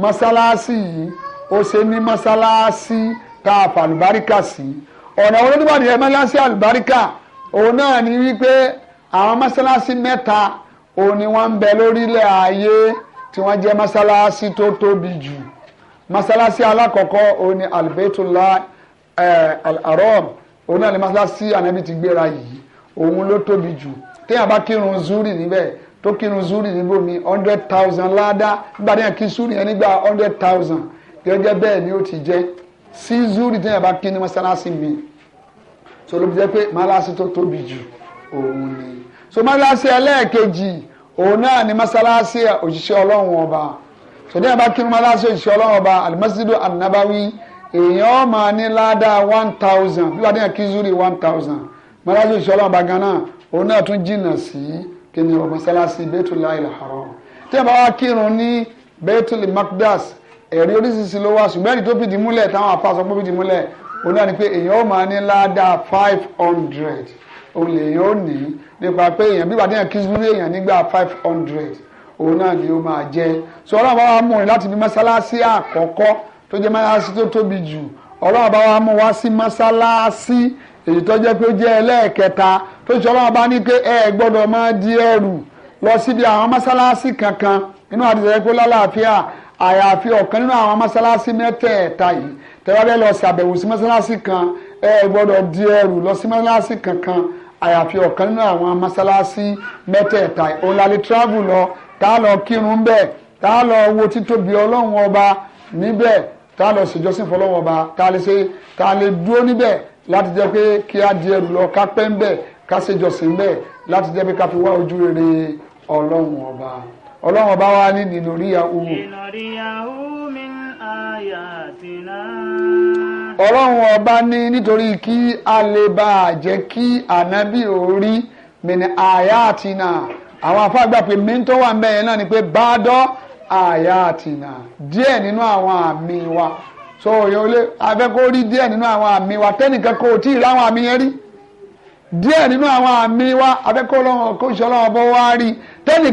B: mọ́sálásí yìí ó ṣe ní mọ́sálásí tá a fà àlùbáríkà sí ọ̀nà olódùbàdì ẹ̀ mọ́sálásí àlùbáríkà òun náà ni wípé àwọn mọ́sálásí mẹ́ta òun ni wọ́n ń bẹ lórílẹ̀ ayé tí wọ́n jẹ́ mọ́sálásí tó tóbi jù mọ́sálásí alákọ̀ọ́kọ́ òun ni alibetula al-aram òun náà ni mọ́sálásí anabi ti gbéra yìí òun ló tóbi jù téèyàn bá kírun zuri níbẹ̀ tó kírun zuri níbò mi hundred thousand ládá nígbà téèyàn kí zuri yẹn nígbà hundred thousand gẹ́gẹ́ bẹ́ẹ̀ ni ó ti jẹ́ sí zuri téèyàn bá kí ní mọ́sálásí mi so ló fi jẹ́ pé mọ́sálásí tó tóbi jù òun ni. Somalasi mọ́sálásí ẹlẹ́ẹ̀kejì òun náà ni masalasi òṣìṣẹ́ ọlọ́run ọba sọdí ẹ̀bá kí ni mọ́sálásí òṣìṣẹ́ ọlọ́run ọba alimọ́sídù anabawi èèyàn máa ní one thousand bí wàá dẹ́yìn kí zuri one thousand mọ́sálásí òṣìṣẹ́ ọlọ́run ọba gan-an òun náà tún jìnnà sí kí ni mọ́sálásí Baitulahil Haram tí ẹ̀bá wá kírun ní Baitul Maqdas ẹ̀rí oríṣiríṣi ló wá ṣùgbọ́n ẹ̀rí tó fìdí múlẹ̀ táwọn afa sọ pé fìdí múlẹ̀ òun náà ni pé èèyàn máa ní five hundred òun lèèyàn ò ní nípa pé èèyàn bí wàdí yẹn kí lórí èèyàn nígbà five hundred òun náà ni ó máa jẹ so ọlọ́run bá wa mú un láti bí mọ́sálásí àkọ́kọ́ tó jẹ́ mọ́sálásí tó tóbi jù ọlọ́run bá wa mú wá sí mọ́sálásí èyí tó jẹ́ pé ó jẹ́ ẹlẹ́ẹ̀kẹta tó ṣe ọlọ́run bá ní pé ẹ gbọ́dọ̀ máa di ẹrù lọ síbi àwọn mọ́sálásí kankan nínú àdìsẹ́ pé lálàáfíà àyàfi ọ̀kan nínú àwọn mọ́sálásí mẹ́tẹ̀ẹ̀ta yìí tẹ́wọ́ lọ ṣàbẹ̀wò sí mọ́sálásí kan ẹ gbọ́dọ̀ di ẹrù lọ sí mọ́sálásí kankan àyàfi ọ̀kan nínú àwọn mọ́sálásí mẹ́tẹ̀ẹ̀ta òǹlalẹ̀ travel lọ tá a lọ kírun bẹ́ẹ̀ tá a lọ wo títóbi ọlọ́run ọba níbẹ̀ tá a lọ ṣèjọsìn fọlọ́run ọba tá a lè ṣe tá a lè dúró níbẹ̀ láti jẹ́ pé kí a di ẹrù lọ ká pẹ́ ń bẹ̀ ká ṣèjọsìn bẹ́ẹ̀ láti jẹ́ pé ká fi wá ojú rere ọlọ́run ọba ọlọ́run ọba wa ní nínú ríyàwó.
C: ìnàríyàwó min àyàtìná.
B: ọlọ́run ọba ní nítorí kí a lè bá a jẹ́ kí ànábì orí mìíràn àyà àtìnà àwọn afáàgbà pé tó wà ń náà ni pé bàdọ́ àyà àtìnà díẹ̀ nínú àwọn àmì wa so òyìnbó abẹ́kọ́ rí díẹ̀ nínú àwọn àmì wa tẹ́nìkan kò tí ì àmì yẹn rí díẹ̀ nínú àwọn àmì wa abẹ́kọ́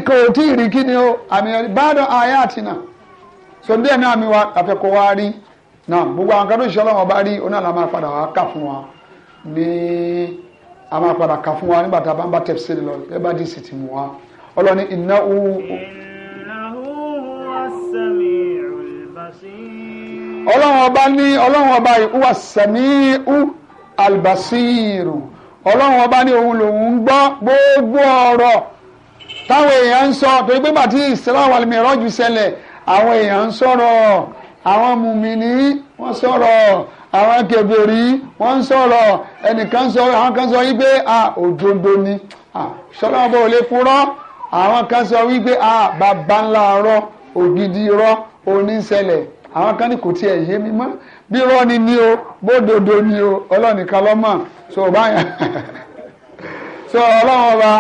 B: kò wá so díẹ̀ nínú àmì náà gbogbo àwọn kẹ́dùn ìṣọ́lọ́ wọn bá rí oní àlá máa padà wá kà fún wa ní a máa padà kà fún wa nígbà tá a bá ń bá tẹ̀sí lọ ẹ bá dì sí ti mú wa ọlọ́ni iná ó. ọlọ́run ọba ní ọlọ́run ọba ìwà sẹ̀mí ú albasiru ọlọ́run ọba ní òun lòun ń gbọ́ gbogbo ọ̀rọ̀ táwọn èèyàn ń sọ torí pé bàtí ìsìláwọ̀ àlùmíràn jù ṣẹlẹ̀ àwọn èèyàn ń sọ̀rọ̀ àwọn mùmíní wọ́n sọ̀rọ̀ àwọn kèbèrí wọ́n sọ̀rọ̀ ẹnìkan sọ̀rọ̀ àwọn kan sọ wípé à òdodo ni sọ̀rọ̀ ọba ò lè purọ́ àwọn kan sọ wípé à bàbá ńlá rọ ògidì rọ oníṣẹ̀lẹ̀ àwọn kan ní kò tiẹ̀ yé mi mọ́ bí rọ́ọ̀ni ni o bódodo ni o ọlọ́nìkan lọ́mọ̀ so báyà so ọlọ́run ba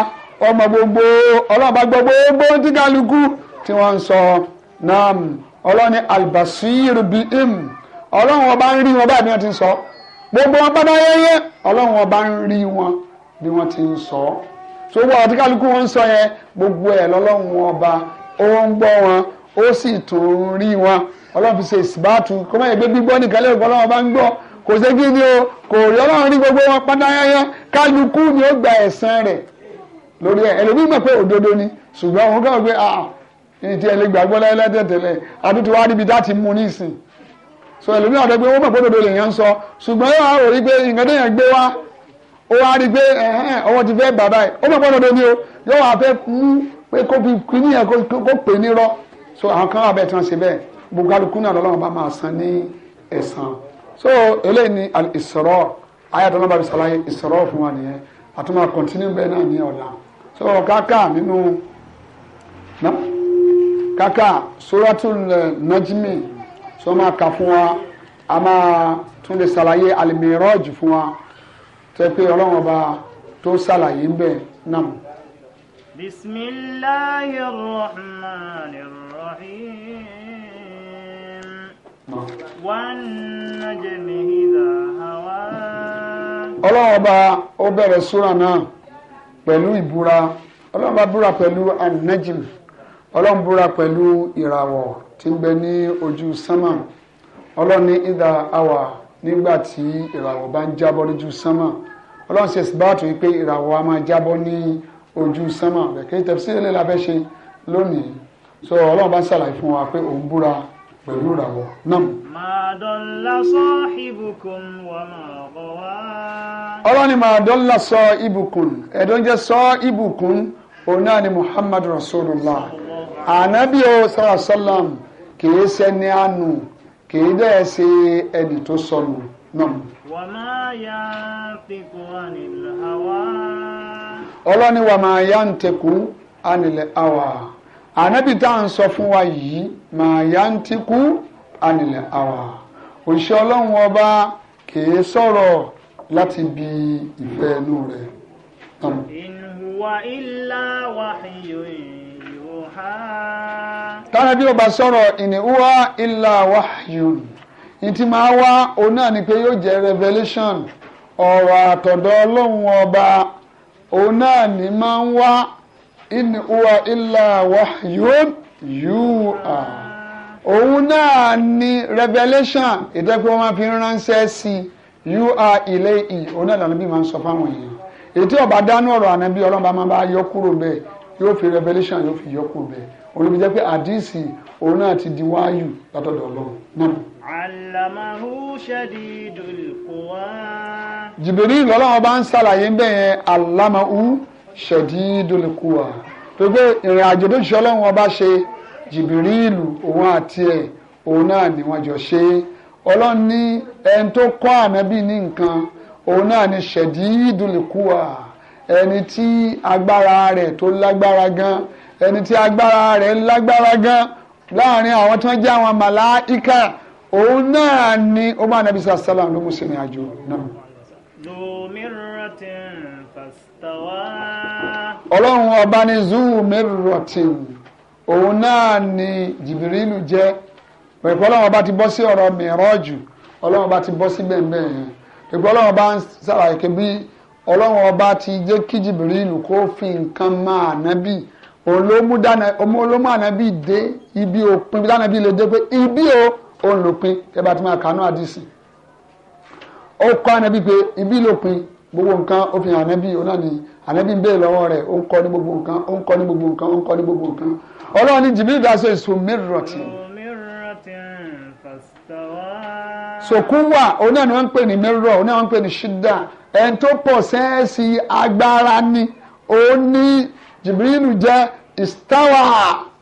B: ọmọ gbogbo ọlọ́run bá gbọ́ gbogbo tí kálukú tí wọ́n ń sọ náà ọlọ́ni albasir bihim ọlọ́run ọba ń rí wọn báyìí bí wọ́n ti ń sọ gbogbo wọn pátá yẹ́yẹ́ ọlọ́run ọba ń rí wọn bí wọ́n ti ń sọ sowó àti kálukú wọn ń sọ yẹn gbogbo ẹ̀ lọ́lọ́run ọba ó ń gbọ́ wọn ó sì tún rí wọn ọlọ́run fi ṣe ìsìbáàtú kó má yẹ gbé gbígbọ́ nìkan lẹ́yìn kó ọlọ́run ọba ń gbọ́ kò sí kí ni o kò rí ọlọ́run rí gbogbo wọn pátá yẹ́yẹ́ kálukú ni ó gba ẹ̀san rẹ̀ lórí ẹ̀ ẹlòmíì mọ̀ pé òdodo ni ṣùgbọ́n òun kọ́ ní tí ẹ lè gbàgbọ́ láyéláyé tẹ̀tẹ̀lẹ̀ àdútù wá níbi tá ti mú ní ìsìn so ẹlòmíì ọ̀dọ́ pé ó mọ̀ gbọ́dọ̀ lè yàn sọ ṣùgbọ́n yóò wá rí pé nǹkan téèyàn gbé wá ó wá rí pé ọwọ́ ti fẹ́ bàbá ẹ̀ ó mọ̀ gbọ́dọ̀ ní o yóò wá fẹ́ mú pé kó fi kíní yẹn kó pè ní rọ́ so àwọn kan wà bẹ́ẹ̀ tí wọ́n ṣe bẹ́ẹ̀ bukaluku náà lọ́lọ́run bá máa san ní ẹ̀san so eléyìí ni ìsọ̀rọ̀ ayatollah náà bá fi ṣàlàyé ìsọ̀rọ̀ fún wa nìyẹn kàkà suratul eh, najmi sọ máa fún wa a máa tún lè ṣàlàyé alimiraj fún wa tẹ́ pé ọlọ́run ọba tó ṣàlàyé ń bẹ̀ náà.
C: بسم الله الرحمن الرحيم والنجم إذا هوى ọlọ́run
B: ọba أبا bẹ̀rẹ̀ súra náà الله ìbúra ọlọ́run ọba búra ọlọ́run búra pẹ̀lú ìràwọ̀ tí ń bẹ ní ojú sánmà ọlọ́run ní ìdá àwà nígbà tí ìràwọ̀ bá ń jábọ́ lójú sánmà ọlọ́run ṣe sì báàtò wípé ìràwọ̀ a máa jábọ́ ní ojú sánmà bẹ̀kẹ́ tẹ̀sí ilé la fẹ́ ṣe lónìí so ọlọ́run bá ń ṣàlàyé fún wa pé òun búra pẹ̀lú ìràwọ̀ náà.
C: máa dọ́là sọ ibùkún
B: ni máa ibùkún ẹ̀dọ́ jẹ́ sọ ibùkún òun náà ni Muhammadu Rasulullah ànábì ó sọ̀rọ̀ sọ́làm kìí ṣẹni àánú kìí dẹ̀ ṣe ẹni tó sọnù náà.
C: wàmà yá tẹkù ànilẹ̀ àwà. ọlọ́ni wàmà
B: yá ń tẹkù ànilẹ̀ àwà ànábì tá à ń sọ fún wa yìí mà yá ń tẹkù ànilẹ̀ àwà òṣìṣẹ́ ọlọ́run ọba kìí sọ̀rọ̀ láti bi ìfẹ́ inú rẹ̀.
C: in huwa illa wahyun.
B: tára bí ọba sọrọ ìní wá ilà ma ìtì máa wá òun náà ni pé yóò revelation ọrọ àtọ̀dọ̀ ọlọ́run ọba òun náà ni máa ń wá ìní wá ilà òun náà ni revelation ìtẹ́pẹ́ wọn fi ránṣẹ́ sí yúà ilé ìyí òun náà lànà bí máa ń sọ fáwọn èèyàn ètò ọba dánú ọrọ ànábí ọlọ́run máa bá yọ kúrò bẹ́ẹ̀. yóò fi revelation yóò fi yọkù bẹ́ẹ̀ olùbí jẹ́ pé àdìsí òun náà ti di wáyù látọ̀dọ̀ ọlọ́run náà.
C: àlàmáhù ṣadidul quwa.
B: Jibril lọ́lọ́wọ́ bá ń ṣàlàyé ń bẹ̀yẹn àlàmáhù ṣadidul quwa tó gbé ìrìn àjò tó ṣe ọlọ́run ọba ṣe Jibril òun àti ẹ̀ òun náà ni wọ́n jọ ṣe ọlọ́run ní ẹni tó kọ́ ànábì ní nǹkan òun náà ni ṣadidul quwa ẹni tí agbára rẹ̀ tó lágbára gan ẹni tí agbára rẹ̀ lágbára gan láàrin àwọn tó ń jẹ́ àwọn màláìka òun náà ni ó máa nàbí sàlám ló mú sinmi àjò náà. ọlọ́run ọba ní zoo mirrotin òun náà ni jìbìrìlù jẹ́ pẹ̀lú ọlọ́run ọba ti bọ́ sí ọ̀rọ̀ mìíràn jù ọlọ́run ọba ti bọ́ sí bẹ́ẹ̀ bẹ́ẹ̀ yẹn pẹ̀lú ọlọ́run ọba ń sàlàyé bí. ọlọ́run ọba ti jẹ́ kí jìbìrìlù kó fi nǹkan máa nábì olómú ànábì dé ibi òpin bí ànábì lè dé ibi o òun lòpin tẹ́bà tí máa kánú àdìsí ó kọ́ ànábì pé ibi lòpin gbogbo nǹkan ó fi hàn ànábì òun náà ni ànábì ń bèèrè lọ́wọ́ rẹ̀ ó ń kọ́ ní gbogbo nǹkan ó ń kọ́ ní gbogbo nǹkan ó ń kọ́ ní gbogbo nǹkan sòkúwà òun náà ni wọ́n ń pè ní mẹ́rọ̀ òun náà wọ́n ń pè ní ṣídà ẹni tó pọ̀sẹ́ẹ̀sì agbára ni òun ní jìbìrìlù jẹ́ ìstáwà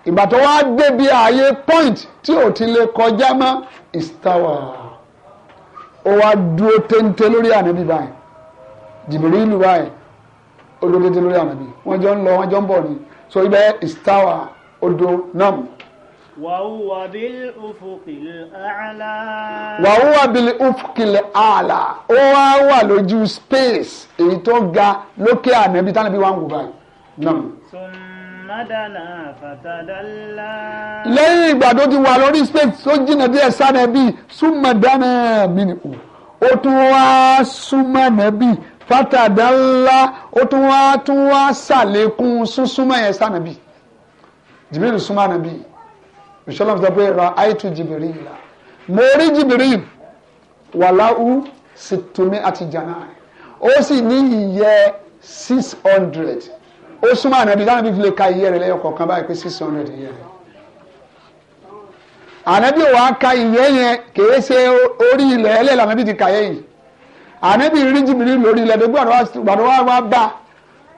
B: ìgbà tó wá débi ààyè point tí ò ti lè kọjá mọ́ ìstáwà ó wá dúró téńté lórí ànábì báyìí jìbìrìlù báyìí ó dúró téńté lórí ànábì wọ́n jọ ń lọ wọ́n jọ ń bọ̀ ni so ibẹ̀ ìstáwà odò náà
C: wàhúwà bíl ufukil
B: àlà ó wá wà lójú space èyí tó ga lókè ànábi tánàbí wà ń wò báyìí. lẹ́yìn ìgbà tó ti wà lórí space tó jìnnà díẹ̀ sànẹ́bí súnmọ̀dánà mìnìkù ó tún wá súnmọ̀ nẹ́bí ó tún wá tún wá sàlékún súnsúnmọ̀ yẹn jìbìrì súnmọ̀ nẹ́bí ìṣọ́lá sọ pé ra aitu jibiri la, mo rí jìbìrì wàláhù sì ati jana. jàǹdà ó sì ní six hundred ó súnmọ́ ànábi láwọn ibi fi lè ka ìyẹ́ rẹ̀ lẹ́yọ̀ kọ̀ọ̀kan báyìí pé six hundred iye. rẹ̀ ànábi wàá ka ìyẹ́ yẹn kèé ṣe orí ilẹ̀ ẹlẹ́lẹ́ ànábi ti kà yẹ́ yìí ànábi rí jìbìrì lórí ilẹ̀ gbogbo àdó wa wá bá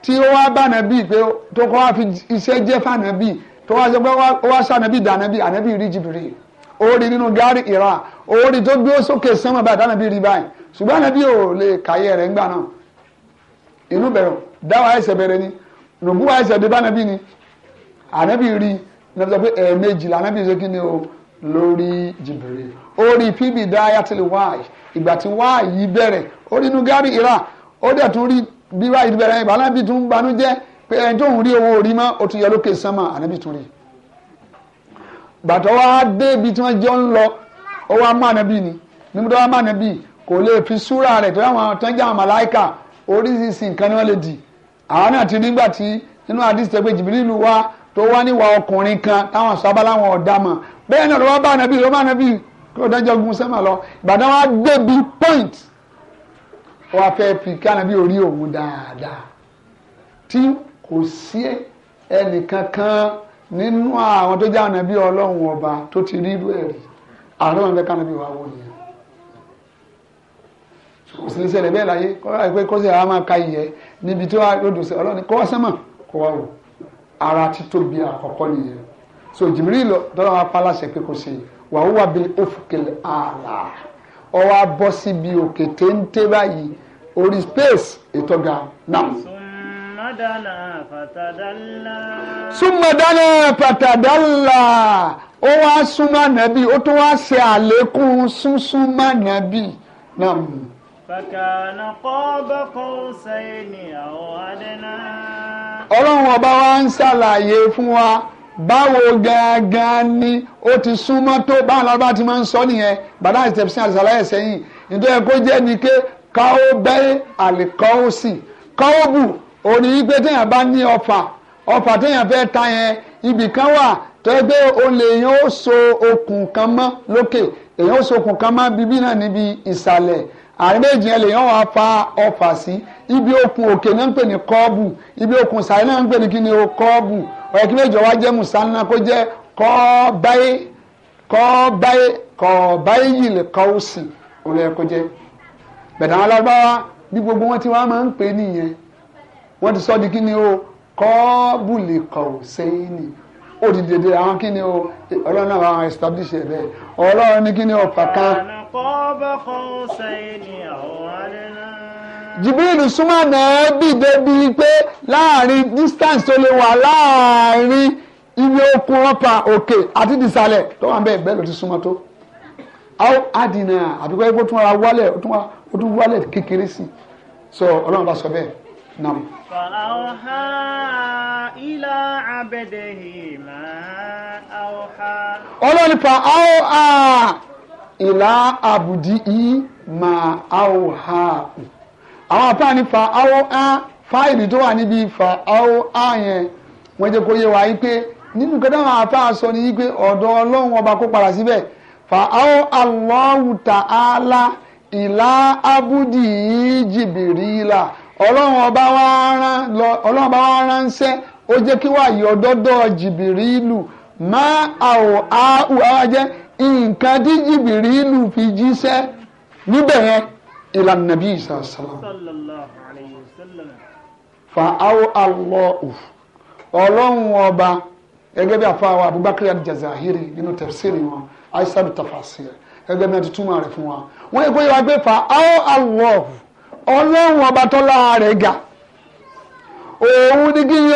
B: tí ó wá bá ànábi pé tó kọ́ wá fi iṣẹ́ jẹ́ fún ànábi tó wá sọ pé wá sànàbí dànàbí ànàbí rí jìbìrì ó rí nínú gárí ìran ó rí tó gbé sókè sánmọ̀ báyìí dànàbí rí báyìí ṣùgbọ́n ànàbí ò lè kàyé rẹ̀ ńgbà náà inú bẹ̀rù dáwà ẹsẹ̀ bẹ̀rẹ̀ ni nùbúwà ẹsẹ̀ dé bànàbí ni ànàbí rí nàbí sọ pé ẹ̀ẹ̀mejì lànàbí ṣe kí ni o lórí jìbìrì ó rí pb dáyà tí lè wáyì ìgbà tí wáyì bẹ̀rẹ̀ ó nínú gárí ìran ó dẹ̀ tún rí bí wáyì bẹ̀rẹ̀ ìbànújẹ́ pé ẹni tó ń rí owó orí mọ́ ó tún yọ lókè sánmà ànábì tún rí bàtọ́ wa dé ibi tí wọ́n jọ ń lọ ó wá má ànábì ni níbi tó wá má ànábì kò lè fi súra rẹ̀ tó yàwọn tó ń jẹ́ àwọn màláìkà oríṣiríṣi nǹkan ni wọ́n lè dì àwọn náà ti nígbà tí nínú àdìsí tẹ́ pé jìbìrìlù wa tó wá níwà ọkùnrin kan táwọn sábà láwọn ọ̀dà mọ̀ bẹ́ẹ̀ náà ló wá bá ànábì ló má ànábì kó dájọ́ gun sẹ́mà lọ ìbàdàn wa débi point wọ́n á fẹ́ fi kí ànábì orí òun dáadáa tí kò sí ẹnìkankan nínú àwọn tó jẹ́ ànábì ọlọ́run ọba tó ti rí irú ẹ̀ rí àárọ̀ ọ̀nà kan níbi wàá wò nìyẹn kò sí ní ṣẹlẹ̀ bẹ́ẹ̀ láyé kó sì àwọn máa ka ìyẹ́ níbi tó lòdù sí ọlọ́run kó wá sánmà kó wò ara títóbi àkọ́kọ́ nìyẹn so Jibril tọ́lá wa pa láṣẹ pé kò sí wàá wà bí òfukèlè ààlà ọwọ́ abọ́ síbi òkè téńté báyìí orí space ètò ga náà
C: dana fatadala.
B: súnmọ́ dana fatadala ó wá súnmọ́ ànábì ó tún wá ṣe àlékún súnsúnmọ́ ànábì náà.
C: Fàkànà kọ́ọ́bà kọ́ sẹ́yìn ni àwọn adẹ́nà.
B: Ọlọ́run ọba wa ń ṣàlàyé fún wa báwo gangan ni ó ti súnmọ́ tó báwọn lọ́ba ti máa ń sọ nìyẹn bàdá ìtẹ̀sí àṣàlàyé sẹ́yìn nítorí kó jẹ́ ni pé káwó bẹ́ẹ̀ àlìkọ́wọ́sì káwó bù òní wípé téèyàn bá ní ọfà ọfà téèyàn fẹ́ ta yẹn ibì kan wà tó yẹ pé olè èèyàn ó so okùn kan mọ́ lókè èèyàn ó so okùn kan mọ́ bíbí náà níbi ìsàlẹ̀ àríméjì yẹn lèèyàn wá fa ọfà sí ibi okùn òkè náà ń pè ní kọ́ọ̀bù ibi okùn sàlẹ̀ náà ń pè ní kí ni o kọ́ọ̀bù ọ̀yẹ́ kí méjì wá jẹ́ mùsàlùmá kó jẹ́ kọ́ọ̀báyé kọ́ọ̀báyé kọ́ọ̀báyé yìí lè kọ́ọ̀sì òun lè kó jẹ́ bẹ̀dẹ̀ àwọn alágbára bí gbogbo wọn ti wá máa ń pè nìyẹn wọ́n ti sọ di kí ni o kọ́ọ̀bùlì kọ̀ọ̀ sẹ́yìn ni ó di dèdè àwọn kí ni o ọlọ́run náà àwọn establish ẹ̀ bẹ́ẹ̀ ọlọ́run ní kí ni o pàkà. jìbìrìlù súnmọ́ náà bì débi Pe, láàrin distance tó lè wà láàrin ibi okun ọ̀pá òkè àti ìsàlẹ̀ tó wà bẹ́ẹ̀ bẹ́ẹ̀ ló ti súnmọ́ tó aw adina àbí kò yẹ kó tún wa wálẹ̀ ó tún wálẹ̀ kékeré sí so ọlọ́run bá sọ bẹ́ẹ̀ náà.
C: فأوحى إلى عبده ما أوحى
B: ọlọ́ni fa ma ìlà àbùdí i àwọn ni fa aoha tó wà níbi fa aoha yẹn wọ́n jẹ́ kó yé yí pé nínú kẹta àwọn àpá sọ ni yí pé ọ̀dọ̀ ọlọ́run ọba kó padà fa ìlà ọlọ́run ọba wa ránṣẹ́ ó jẹ́ kí wàá yọ dọ́dọ̀ jibiri má àwọ̀ áhù àwa nǹkan tí jìbìrìlù fi jíṣẹ́ níbẹ̀ yẹn ìlànà nàbí fa ọlọ́run ọba gẹ́gẹ́ bí àfa wa Abubakar jazahiri nínú wọn gẹ́gẹ́ bí ti túmọ̀ rẹ̀ wa gbé fa ọlọ́run ọba tọ́lá rẹ̀ ga òun ni kí ni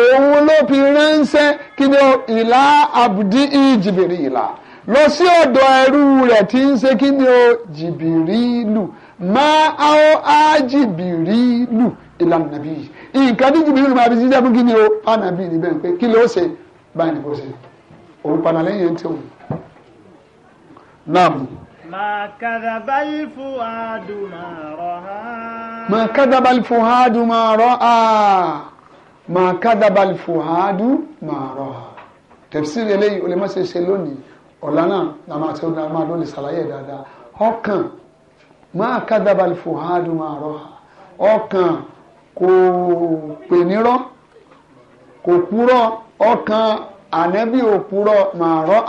B: òun ló fi ránṣẹ́ kí ni o ìlà abdi ìjìbìrì ìlà lọ sí ọ̀dọ̀ ẹrú rẹ̀ tí ń ṣe kí ni o jìbìrì lù máa áwọ́ á jìbìrì lù ìlànà nàbí yìí nǹkan tí jìbìrì lù máa fi ṣiṣẹ́ fún kí ni o pé kí ló ni kò ṣe òun ẹ̀ ń
C: ما كذب الفؤاد ما
B: رأى ما كذب الفؤاد ما رأى ما كذب الفؤاد ما رأى tẹ̀síìrì eléyìí o lè má ṣe ṣe lónìí ọ̀la náà la máa ṣe ó dáa máa ló lè ṣàlàyé dáadáa ọkàn máa kádàbà fòhádù máa rọ ọkàn kò pè nírọ́ kò purọ́ ọkàn ànẹ́bí ò purọ́ máa rọ́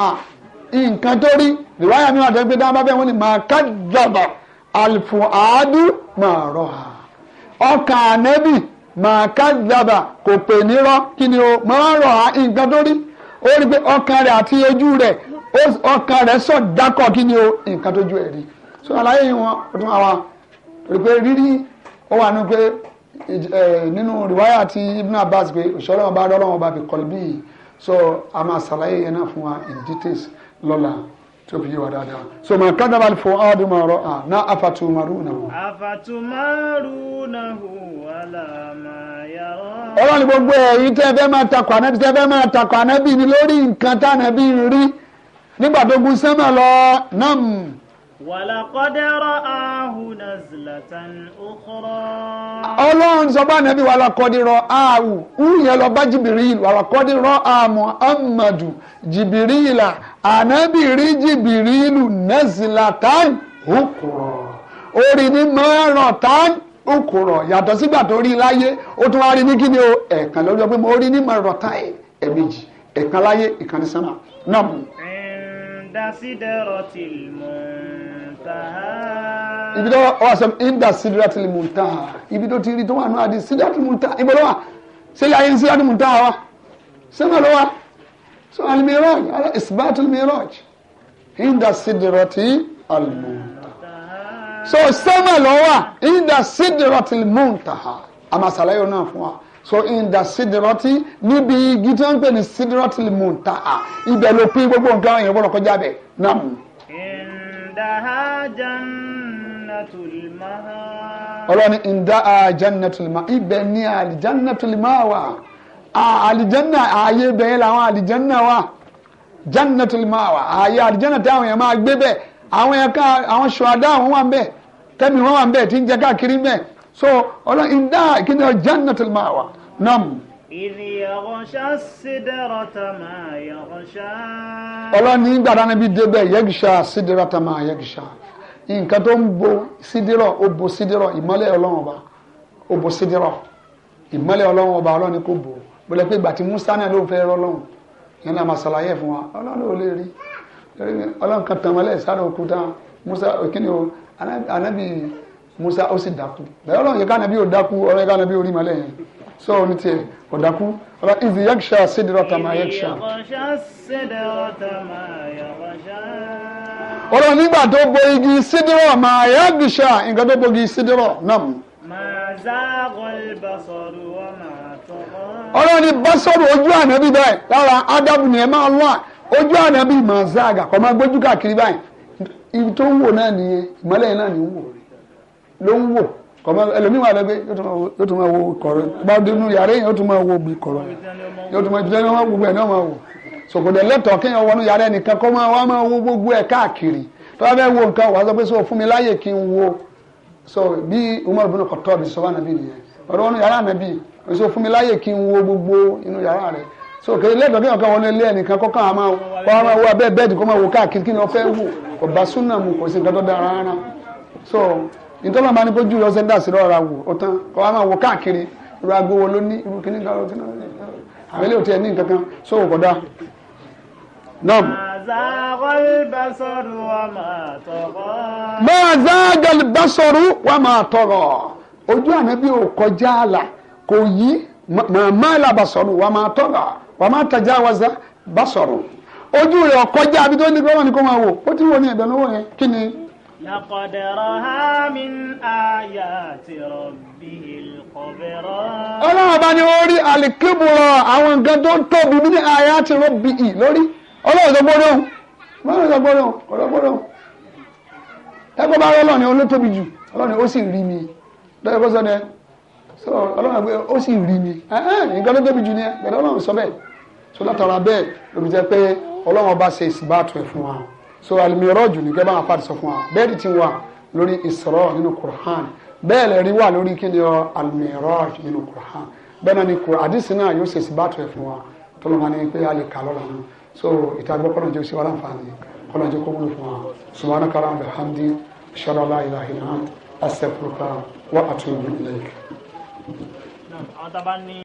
B: nǹkan tó rí ìwáyà mi wà tó ń pè dáhùn bá bẹ́ẹ̀ wọ́n ní mà ká jàbà àlùfò àádú mà rọ̀ hà ọkàn ànẹ́bì mà ká jàbà kò pè nírọ́ kí ni o mà rọ̀ hà nǹkan tó rí ó rí pé ọkàn rẹ̀ àti ojú rẹ̀ ọkàn rẹ̀ sọ̀ dákọ̀ kí ni o nǹkan tójú ẹ̀ rí so àlàyé wọn ọdún àwa rí pé rírí ó wà ní pé nínú riwaya ti Ibn Abbas pé òṣèré ọba adọ́lọ́wọ́ ọba fi kọlu bíi so a máa ṣàlàyé yẹn náà fún wa in details lọ́la tí ó fi yé dáadáa so mà kádàbà fún ádùmọ̀ ọ̀rọ̀ à ná àfàtúmọ̀rú náà.
C: àfàtúmọ̀rú náà wàlà máa yàrá. ọlọ́run gbogbo
B: ẹ̀yin tẹ́ fẹ́ máa takọ̀ ànábì tẹ́ fẹ́ máa takọ̀ ànábì ni lórí nǹkan tánàbì ń rí nígbà tó gun sẹ́mà lọ náà.
C: Wàlàkọ́dẹ́ ra'áhù nazlatan ukhra. Ọlọ́run sọ bá nàbí
B: wàlàkọ́dẹ́ ra'áhù. Wúrù yẹn lọ bá Jìbìrìlù. Wàlàkọ́dẹ́ ra'á Muhammadu Jìbìrìlà. Ànábì rí Jìbìrìlù nazlatan ukhra. Orí ni mọ́ràn tán ukhra. Yàtọ̀ sígbà tó rí láyé, ó tún wá rí ní kíni o ẹ̀ẹ̀kan lọ́jọ́ pé mo rí ní mọ́ràn tán ẹ̀ẹ̀mejì ẹ̀ẹ̀kan láyé ìkànnì sánmà náà mú
C: inda sidratil muntaha.
B: ibi tó wà sọ inda sidratil muntaha ibi tó ti rí tó wà nù àdí sidratil muntaha ibi tó wà muta wa. sidratil muntaha wa so almiraj ala isbatul miraj inda sidratil alimuta. so sẹ́nà ló wà inda sidratil muntaha àmàsàlàyé náà fún wa so ìdá sídìrọ́tì níbi igi tí wọ́n ń pè ní sídìrọ́tì mùtà ibẹ̀ ló pín gbogbo nǹkan àwọn èèyàn gbọ́dọ̀ kọjá bẹ̀ náà. ọlọ́ni ìdáhà jannatul ibẹ̀ ni àlìjannatul maha wà àlìjanna ààyè bẹ̀yẹ làwọn àlìjanna wà jannatul maha wà ààyè àlìjanna tí àwọn èèyàn máa gbé bẹ̀ àwọn èèyàn ká àwọn ṣọ̀dá àwọn wà ń bẹ̀ tẹ́mi wọ́n wà ń bẹ̀ tí ń jẹ káàkiri ń bẹ̀ so ọlọ́ni ìdáhà kí ni jannatul maha wa nam.
C: ìní yaghsha sidrata ma yaghsha.
B: ọlọ́ni gbàdá níbi débẹ̀ yaghsha sidrata ma yaghsha nǹkan tó ń bo sídìrọ̀ ó bo sídìrọ̀ ìmọ́lẹ̀ ọlọ́run ọba ó bo sídìrọ̀ ìmọ́lẹ̀ ọlọ́run ọba ọlọ́ni kò bò bọ́lá pé ìgbà Musa náà ló fẹ́ rọ́lọ́run yẹn náà máa ṣàlàyé fún wa ọlọ́run ò lè rí ọlọ́run kan tàn mọ́lẹ̀ sáré òkúta Musa òkìní o anábì Musa ó sì dákú bẹ́ẹ̀ ọlọ́run yẹ ká nàbí ò so ní tiẹ̀ ọ̀dàkú ọba ìdí yẹ́kṣà sídìrọ̀tà máa yẹ́kṣà. nígbà tó bo igi sídìrọ̀ máa yẹ́kṣà nǹkan tó bo igi sídìrọ̀ náà mú. ni bọ́sọ̀rù ojú ànábì bẹ́ẹ̀ lára ádámù ni ẹ máa wà ojú ànábì máa záàgà kọ́ máa gbójú káàkiri báyìí ibi tó ń wò náà nìyẹn náà ni ń kọmọ ẹlòmíì wà lẹgbẹ yóò tún máa wo kọrọ bá dínú yàrá yẹn yóò tún máa wo bí kọrọ yóò tún máa jẹ ní wọn gbogbo ẹ náà máa wò sòkòtò lẹtọọ kéèyàn wọnú yàrá ẹnìkan kọ máa wá máa wo gbogbo ẹ káàkiri tó bá fẹ́ wo nǹkan wàá sọ pé sọ fún mi láyè kí n wo sọ bí Umar bin Khattab sọ wà nàbí nìyẹn ọ̀rọ̀ wọnú yàrá nàbí sọ fún mi láyè kí n wo gbogbo inú yàrá rẹ so kèrè lẹ́dọ̀ kí ọ̀kan wọlé ilé ẹnìkan kọ́kàn àmọ́ wọn máa wo abẹ́ bẹ́ẹ̀dì kó máa wo káàkiri kí ni wọ́n fẹ́ wò kò bá súnà mu kò sí nǹkan tó dára rárá so nítorí ọba ní kó júwèé ọsẹ dà sí lọ́ra wò ó tán kọ́ wa máa wò káàkiri irú agbowó ló ní irú kíní kan kíní kan àmẹ́lẹ́ ò tiẹ̀ ní nǹkan kan sóò kọ́ dá.
C: máa zágal basaru
B: wa máa tọrọ ojú ànábì ò kọjá àlà kò yí màmá ìlà basaru wa máa tọrọ wa máa tajawaza basaru ojú rẹ̀ ọ̀kọjá àbí tó ní kí ní kó máa wò ó ti wò ní ẹ̀dọ̀ lówó yẹn kí ni.
C: لقد رأى من آيات ربه الكبرى ọlọ́run ọba ni ó rí àlìkébùrọ̀
B: àwọn nǹkan tó tóbi ní àyà ti rọ́bì ì lórí ọlọ́run tó gbọ́dọ̀ ọlọ́run tó gbọ́dọ̀ ọlọ́run gbọ́dọ̀ ẹgbẹ́ bá rẹ ọlọ́run ni ó ló tóbi jù ọlọ́run ó sì rí mi lọ́yọ̀ kó sọ dẹ sọ ọlọ́run pé ó sì rí mi nǹkan tó tóbi jù ni ẹ bẹ̀rẹ̀ ọlọ́run sọ bẹ́ẹ̀ sọ látara bẹ́ẹ̀ lóbi jẹ́ pé ọlọ́run ọba ṣe ìsìnbá àtọ̀ ẹ̀ fún wa so alimirọ́jù ní gẹ́gẹ́ bá wọn fàdí sọ fún wa bẹ́ẹ̀ ti wà lórí Isra nínú Qur'an bẹ́ẹ̀ lẹ́rí wà lórí kíni ọ alimirọ́jù nínú Qur'an bẹ́ẹ̀ náà ni Qur'an àdìsí náà yóò ṣe síbàtọ̀ ẹ̀ fún wa tọ́lọ́ máa ní pé a lè kà lọ́la náà so ìtagbọ́ kọ́nà jẹ́ síwájú àǹfààní kọ́nà jẹ́ kó wúlò fún wa subhana kala alhamdi
C: shara la ilaha illa anta astaghfiruka wa atubu ilayk.